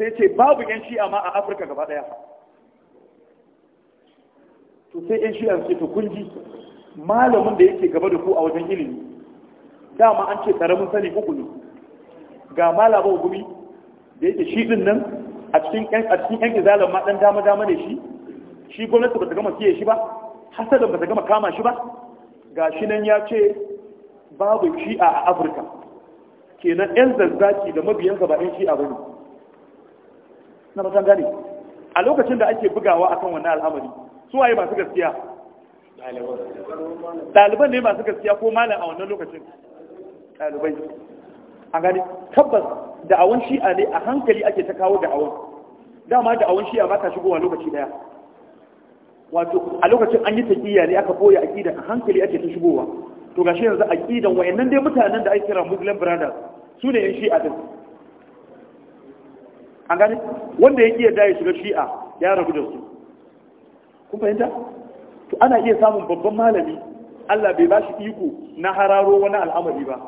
sai ce babu yan shi'a ma a afirka gaba daya to sai yan shi'a ce to kun malamin da yake gaba da ku a wajen ilimi dama an ce karamin sani uku ne ga malamin gumi da yake shi din nan a cikin yan a cikin dama dama ne shi shi gwamnati ba ta gama siye shi ba hasadan ba ta gama kama shi ba ga shi nan ya ce babu shi'a a afirka kenan yan zazzaki da mabiyansa ba yan shi'a ba ne na matan gane a lokacin da ake bugawa akan wannan al'amari su waye masu gaskiya ɗaliban ne masu gaskiya ko malam a wannan lokacin ɗalibai a gani tabbas awon shi'a ne a hankali ake ta kawo da awon, dama da awon shi'a ba ta shigowa lokaci daya wato a lokacin an yi taƙiyya ne aka boye aƙida a hankali ake ta shigowa to gashi yanzu aƙidan wayannan dai mutanen da ake kira muslim brothers su ne yan shi'a din an gane wanda ya iya da shiga shi'a ya rabu da su kun fahimta to ana iya samun babban malami Allah bai ba shi iko na hararo wani al'amari ba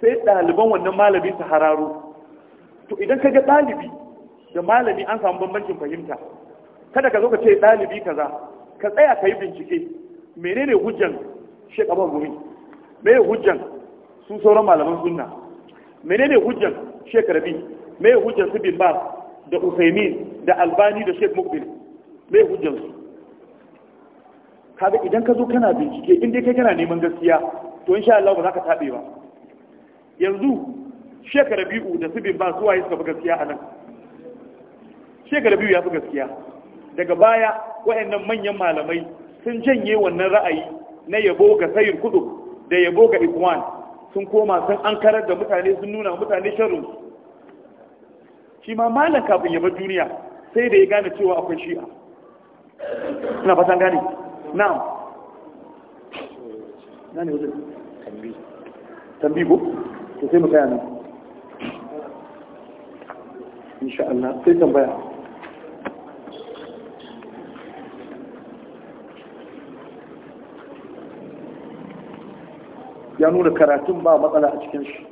sai ɗaliban wannan malami su hararo to idan ka ga ɗalibi da malami an samu bambancin fahimta kada ka zo ka ce ɗalibi kaza ka tsaya ka yi bincike menene hujjan shek gumi Menene hujjan su sauran malaman sunna menene hujjan shek rabi Mai hujjar su bin ba da Usaini, da albani da sheikh mukbil Mai hujjar su kaga idan ka zo kana bincike in dai kai kana neman gaskiya to insha Allah ba za ka tabe ba yanzu shek rabi'u da su bin ba su waye suka fi gaskiya a nan shek rabi'u ya fi gaskiya daga baya wayannan manyan malamai sun janye wannan ra'ayi na yabo ga sayin kudu da yabo ga ikwan sun koma sun ankarar da mutane sun nuna mutane sharru shi ma malam kafin ya duniya sai da ya gane cewa akwai shi'a ina fatan gane na gane wajen tambi tambi ko ta sai mu kaya nan insha Allah sai tambaya ya nuna karatun ba matsala a cikin shi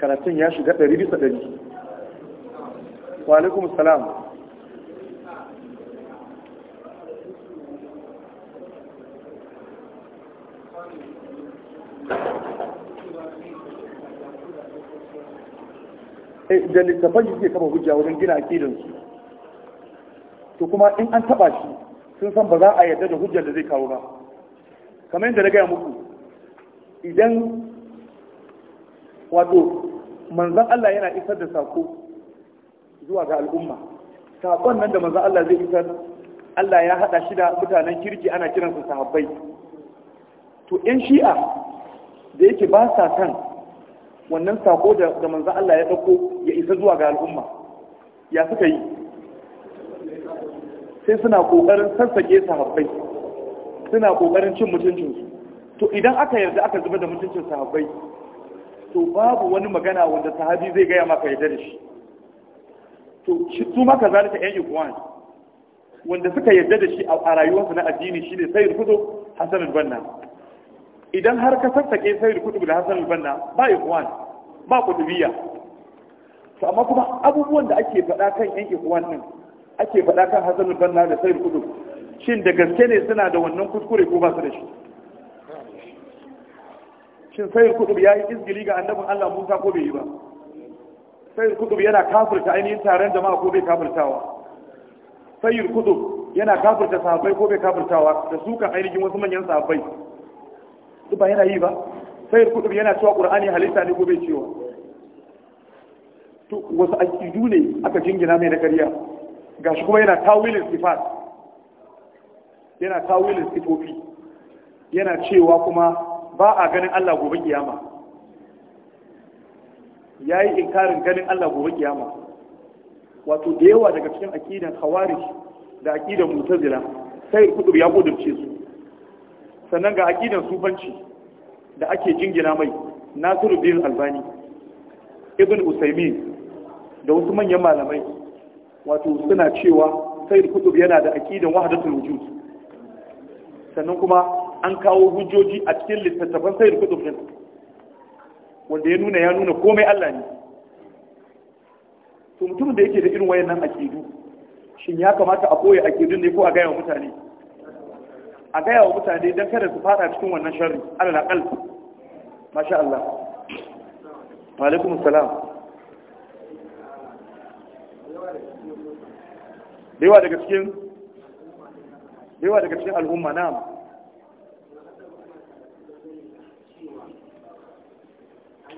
karatun ya shiga ɗari bisa ɗari wa alaikum salam eh, da littafan shi ke kama hujja wajen gina akidansu to kuma in an taɓa shi sun san ba za a yarda da hujjar da zai kawo ba kamar yadda na gaya muku idan wato manzan Allah yana isar da sako zuwa ga al'umma sakon nan da manzan Allah zai isar Allah ya haɗa shi da mutanen kirki ana kiransu sahabbai to in shi'a da yake ba sa san wannan sako da manzan Allah ya ɗauko ya isa zuwa ga al'umma ya suka yi sai suna ƙoƙarin sassaƙe sahabbai suna ƙoƙarin cin mutuncinsu to idan aka yarda aka zuba da mutuncin sahabbai to babu wani magana wanda sahabi zai gaya maka yadda da shi to shi su maka zalika yan ikwan wanda suka yadda da shi a rayuwarsa na addini shine sayyid kudu hasan al-banna idan har ka sassake sayyid kudu da hasan al-banna ba ikwan ba kudubiyya to amma kuma abubuwan da ake faɗa kan yan ikwan din ake faɗa kan hasan al-banna da sayyid kudu shin da gaske ne suna da wannan kuskure ko ba su da shi shin sayyid kutub yayi izgili ga annabin Allah Musa ko bai yi ba sayyid kutub yana kafirta ainihin taron jama'a ko bai kafirtawa sayyid kutub yana kafirta sahabbai ko bai kafirtawa da kan ainihin wasu manyan sahabbai duk ba yana yi ba sayyid kutub yana cewa qur'ani halitta ne ko bai cewa to wasu aqidu ne aka jingina mai da kariya gashi kuma yana tawilin sifat yana tawilin sifofi yana cewa kuma ba a ganin Allah gobe kiyama yi inkarin ganin Allah gobe kiyama wato da yawa daga cikin akidan khawarij da akidan mutazila sai kudur ya kudurce su sannan ga akidan sufanci da ake jingina mai nasiru nasiruddin albani ibn usaimin da wasu manyan malamai wato suna cewa sai kudur yana da aƙidan wahdatul wujud sannan kuma an kawo hujjoji a cikin littattafan sayar kudin wanda ya nuna ya nuna komai Allah ne to mutumin da yake da irin wayannan akidu shin ya kamata a koya akidun ne ko a gaya wa mutane a gaya wa mutane don kada su fara cikin wannan sharri na aqal masha Allah wa alaikum salam dewa daga cikin dewa daga cikin al'umma na'am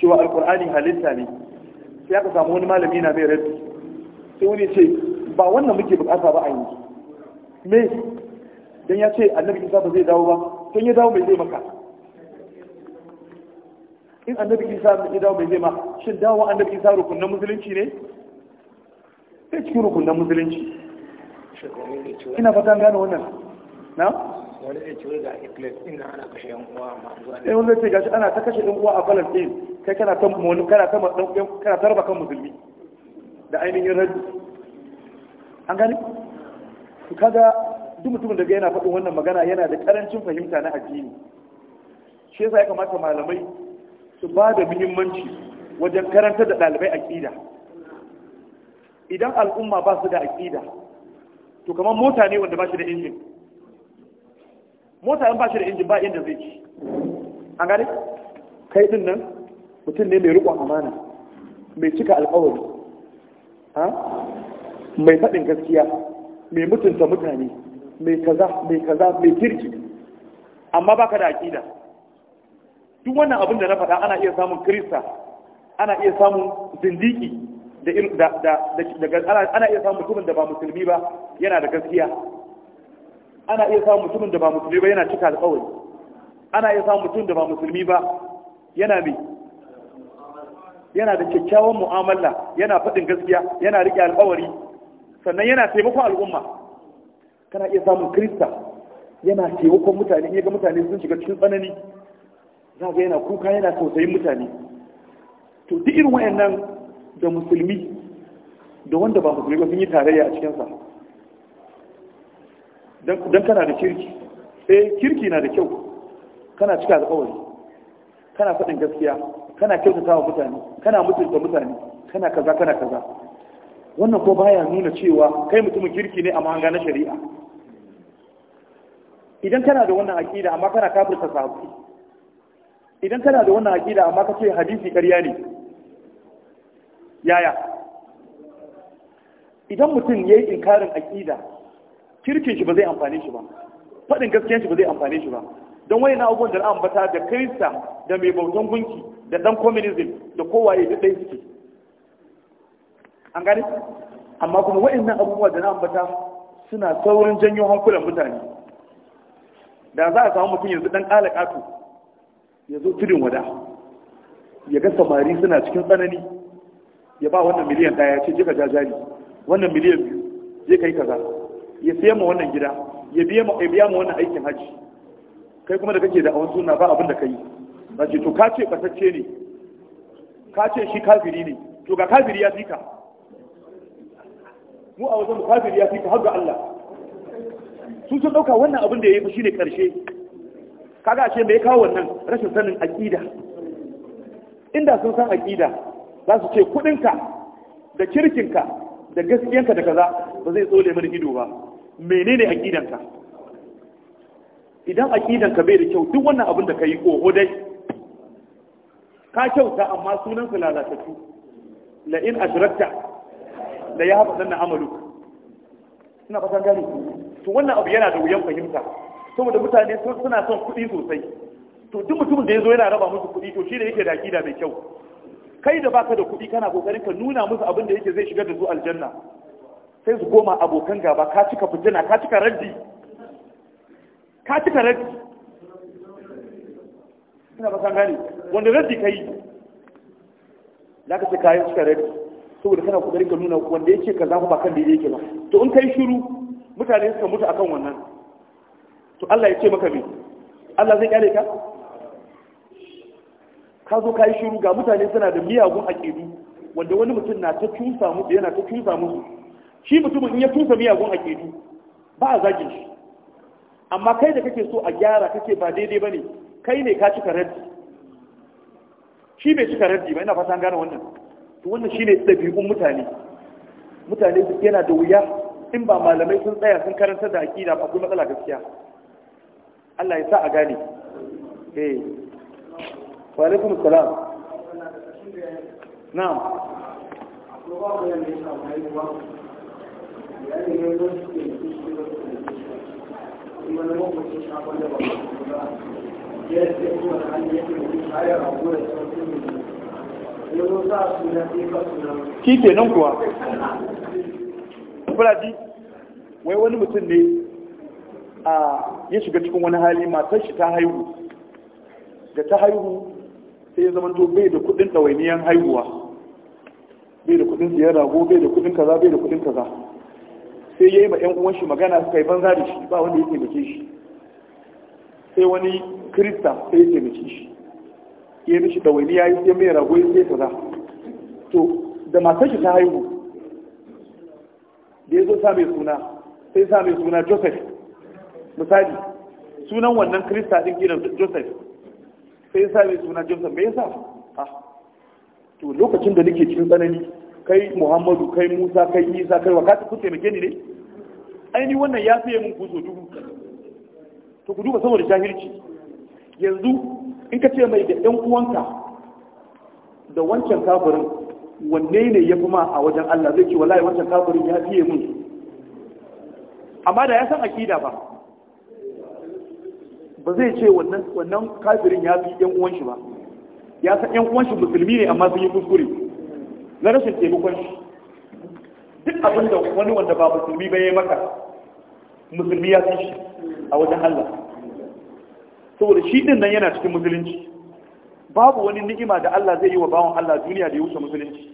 cewa alkur'ani halitta ne sai aka samu wani malami na mai rabbi sai wani ce ba wannan muke bukata ba a yanzu me dan ya ce annabi isa ba zai dawo ba sai ya dawo mai zai maka in annabi isa zai dawo mai zai ma shin dawo annabi isa rukunan musulunci ne sai cikin rukunan musulunci ina fatan gane wannan na wani zai ciwo da ikles din ana kashe yan uwa amma zuwa ne eh, wanda ce gashi ana ta kashe yan uwa a palestine kai kana ta monu kana ta matsan kana kan musulmi da ainihin rabi an gani to kaga duk mutumin da yana faɗin wannan magana yana da ƙarancin fahimta na addini shi yasa ya kamata malamai su ba da muhimmanci wajen karantar da ɗalibai aƙida idan al'umma ba su da aƙida to kamar mota ne wanda ba shi da injin mota in ba shi da injin ba inda zai ci an gane kai din nan mutum ne mai riƙon amana mai cika alƙawari mai faɗin gaskiya mai mutunta mutane mai kaza mai kaza mai kirki amma baka da aƙida duk wannan abin da na faɗa ana iya samun kirista ana iya samun zindiki da da da ana iya samun mutumin da ba musulmi ba yana da gaskiya ana iya samun mutumin da ba musulmi ba yana cika alkawari ana iya samun mutumin da ba musulmi ba yana mai yana da kyakkyawan mu'amala yana faɗin gaskiya yana riƙe alkawari sannan yana taimakon al'umma kana iya samun krista yana taimakon mutane ya ga mutane sun shiga cikin tsanani za ga yana kuka yana tausayin mutane to duk irin wayannan da musulmi da wanda ba musulmi ba sun yi tarayya a cikinsa don kana da kirki eh kirki na da kyau kana cika alƙawari kana faɗin gaskiya kana kyautata wa mutane kana mutunta mutane kana kaza kana kaza wannan ko baya nuna cewa kai mutumin kirki ne a mahanga na shari'a idan kana da wannan aƙida amma kana kafirta sahabbai idan kana da wannan aƙida amma kace hadisi ƙarya ne yaya idan mutum yayi inkarin aƙida kirkin shi ba zai amfane shi ba faɗin gaskiyan shi ba zai amfane shi ba don wani abubuwan da ambata da kirista da mai bautan gunki da dan communism da kowaye ya ɗaya suke an gani amma kuma wa'annan abubuwa da na ambata suna saurin janyo hankulan mutane da za a samu mutum yanzu dan ƙala ƙato ya zo tudun wada ya ga samari suna cikin tsanani ya ba wannan miliyan ɗaya ce je ka jajari wannan miliyan biyu je ka yi kaza ya siya ma wannan gida ya biya ma ya biya ma wannan aikin haji kai kuma da kake da awon sunna ba abin da kai ba ce to ka ce batacce ne ka ce shi kafiri ne to ga kafiri ya fika mu a wajen kafiri ya fika har ga Allah sun sun dauka wannan abin da ya yi shine karshe kaga ashe me ya kawo wannan rashin sanin aqida inda sun san aqida za su ce kudinka da kirkinka da gaskiyanka da kaza ba zai tsole mana ido ba menene aqidanka idan aqidanka bai da kyau duk wannan abin da kai ko dai ka kyauta amma sunan sa lalatatu la in ashrakta la yahba dana amaluk ina fatan gani to wannan abu yana da wuyan fahimta saboda mutane suna son kuɗi sosai to duk mutumin da ya zo yana raba musu kuɗi to shi ne yake da aƙida mai kyau kai da baka da kuɗi kana kokarin ka nuna musu abin da yake zai shigar da su aljanna sai su goma abokan gaba ka cika fitina ka cika raddi ka cika raddi suna ba san wanda raddi ka yi za ka ce kayan cika raddi saboda kana kudari ka nuna wanda yake ka zafi ba kan da yake ba to in kai shiru mutane suka mutu akan wannan to Allah ya ce maka me Allah zai kyale ka ka zo ka yi shiru ga mutane suna da miyagun aƙidu wanda wani mutum na ta cusa musu yana ta cusa musu shi mutumin in ya tusa miyagun aƙidu ba a zagin shi amma kai da kake so a gyara kake ba daidai ba ne kai ne ka cika raddi shi bai cika raddi ba ina fata an gane wannan to wannan shine ɗabi'un mutane mutane su yana da wuya in ba malamai sun tsaya sun karanta da aƙida ba akwai matsala gaskiya Allah ya sa a gane eh wa alaikum salam na'am shi ke nan kuwa kulaji wai wani mutum ne a ya shiga cikin wani hali matar shi ta haihu da ta haihu sai ya zama bai da kudin ɗawainiyan haihuwa bai da kudin siyar rago bai da kudin kaza bai da kudin kaza sai ya yi ma 'yan uwan shi magana suka yi banza da shi ba wanda ya taimake shi sai wani kirista sai ya taimake shi ya yi mishi ɗawaini ya yi sai mai rago ya sai kaza to da matar shi ta haihu da ya zo sa mai suna sai sa mai suna joseph misali sunan wannan kirista ɗin gidan joseph sai sa mai suna joseph me yasa ah, to lokacin da nake cikin tsanani kai muhammadu kai musa kai isa kai wa kasu kun taimake ni ne aini wannan ya fiye mun kuso dubu to ku duba saboda jahilci yanzu in ka ce mai da ɗan uwanka da wancan kafirin wanne ne ya fi ma a wajen Allah zai ce wallahi wancan kafirin ya fiye mun amma da ya san akida ba ba zai ce wannan kafirin ya fi ɗan uwan shi ba ya san ɗan uwan shi musulmi ne amma sun yi kuskure na rashin taimakon shi duk abin da wani wanda ba musulmi ba ya maka musulmi ya san shi a wajen Allah saboda shi din nan yana cikin musulunci babu wani ni'ima da Allah zai yi wa bawan Allah duniya da ya wuce musulunci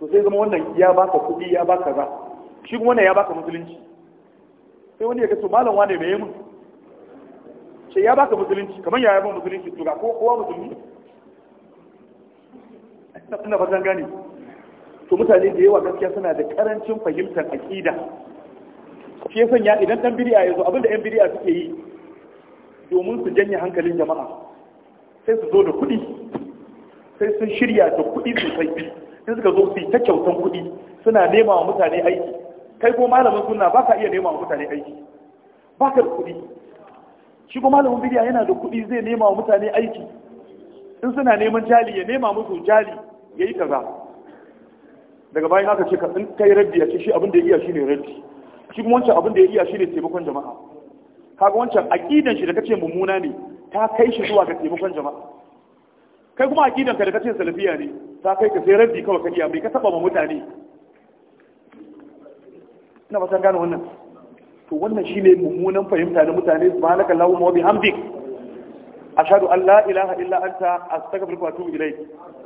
to sai zama wannan ya baka kuɗi ya baka za shi kuma wannan ya baka musulunci sai wani ya ga to malam wane mai yi mun sai ya baka musulunci kamar ya yaba musulunci to ga kowa musulmi ina fatan gane to mutane da yawa gaskiya suna da karancin fahimtar aqida shi yasan ya idan dan bid'a yazo abinda yan bid'a suke yi domin su janye hankalin jama'a sai su zo da kuɗi sai sun shirya da kuɗi sosai sai suka zo su yi ta kyautan kuɗi suna nema wa mutane aiki kai ko malamin sunna ba ka iya nema wa mutane aiki ba ka da kuɗi shi ko malamin bidiya yana da kuɗi zai nema wa mutane aiki in suna neman jali ya nema musu jali ya yi kaza daga bayan aka ce ka in kai raddi ya ce shi abin da ya iya shi ne raddi shi kuma wancan abin da ya iya shi ne taimakon jama'a kaga wancan aƙidan shi da kace mummuna ne ta kai shi zuwa ga taimakon jama'a kai kuma aƙidan ka da kace salafiya ne ta kai ka sai raddi kawai ka iya bai ka saba ma mutane ina ba san gane wannan to wannan shine mummunan fahimta da mutane subhanaka allahumma wa bihamdik ashhadu an la ilaha illa anta astaghfiruka wa atubu ilayk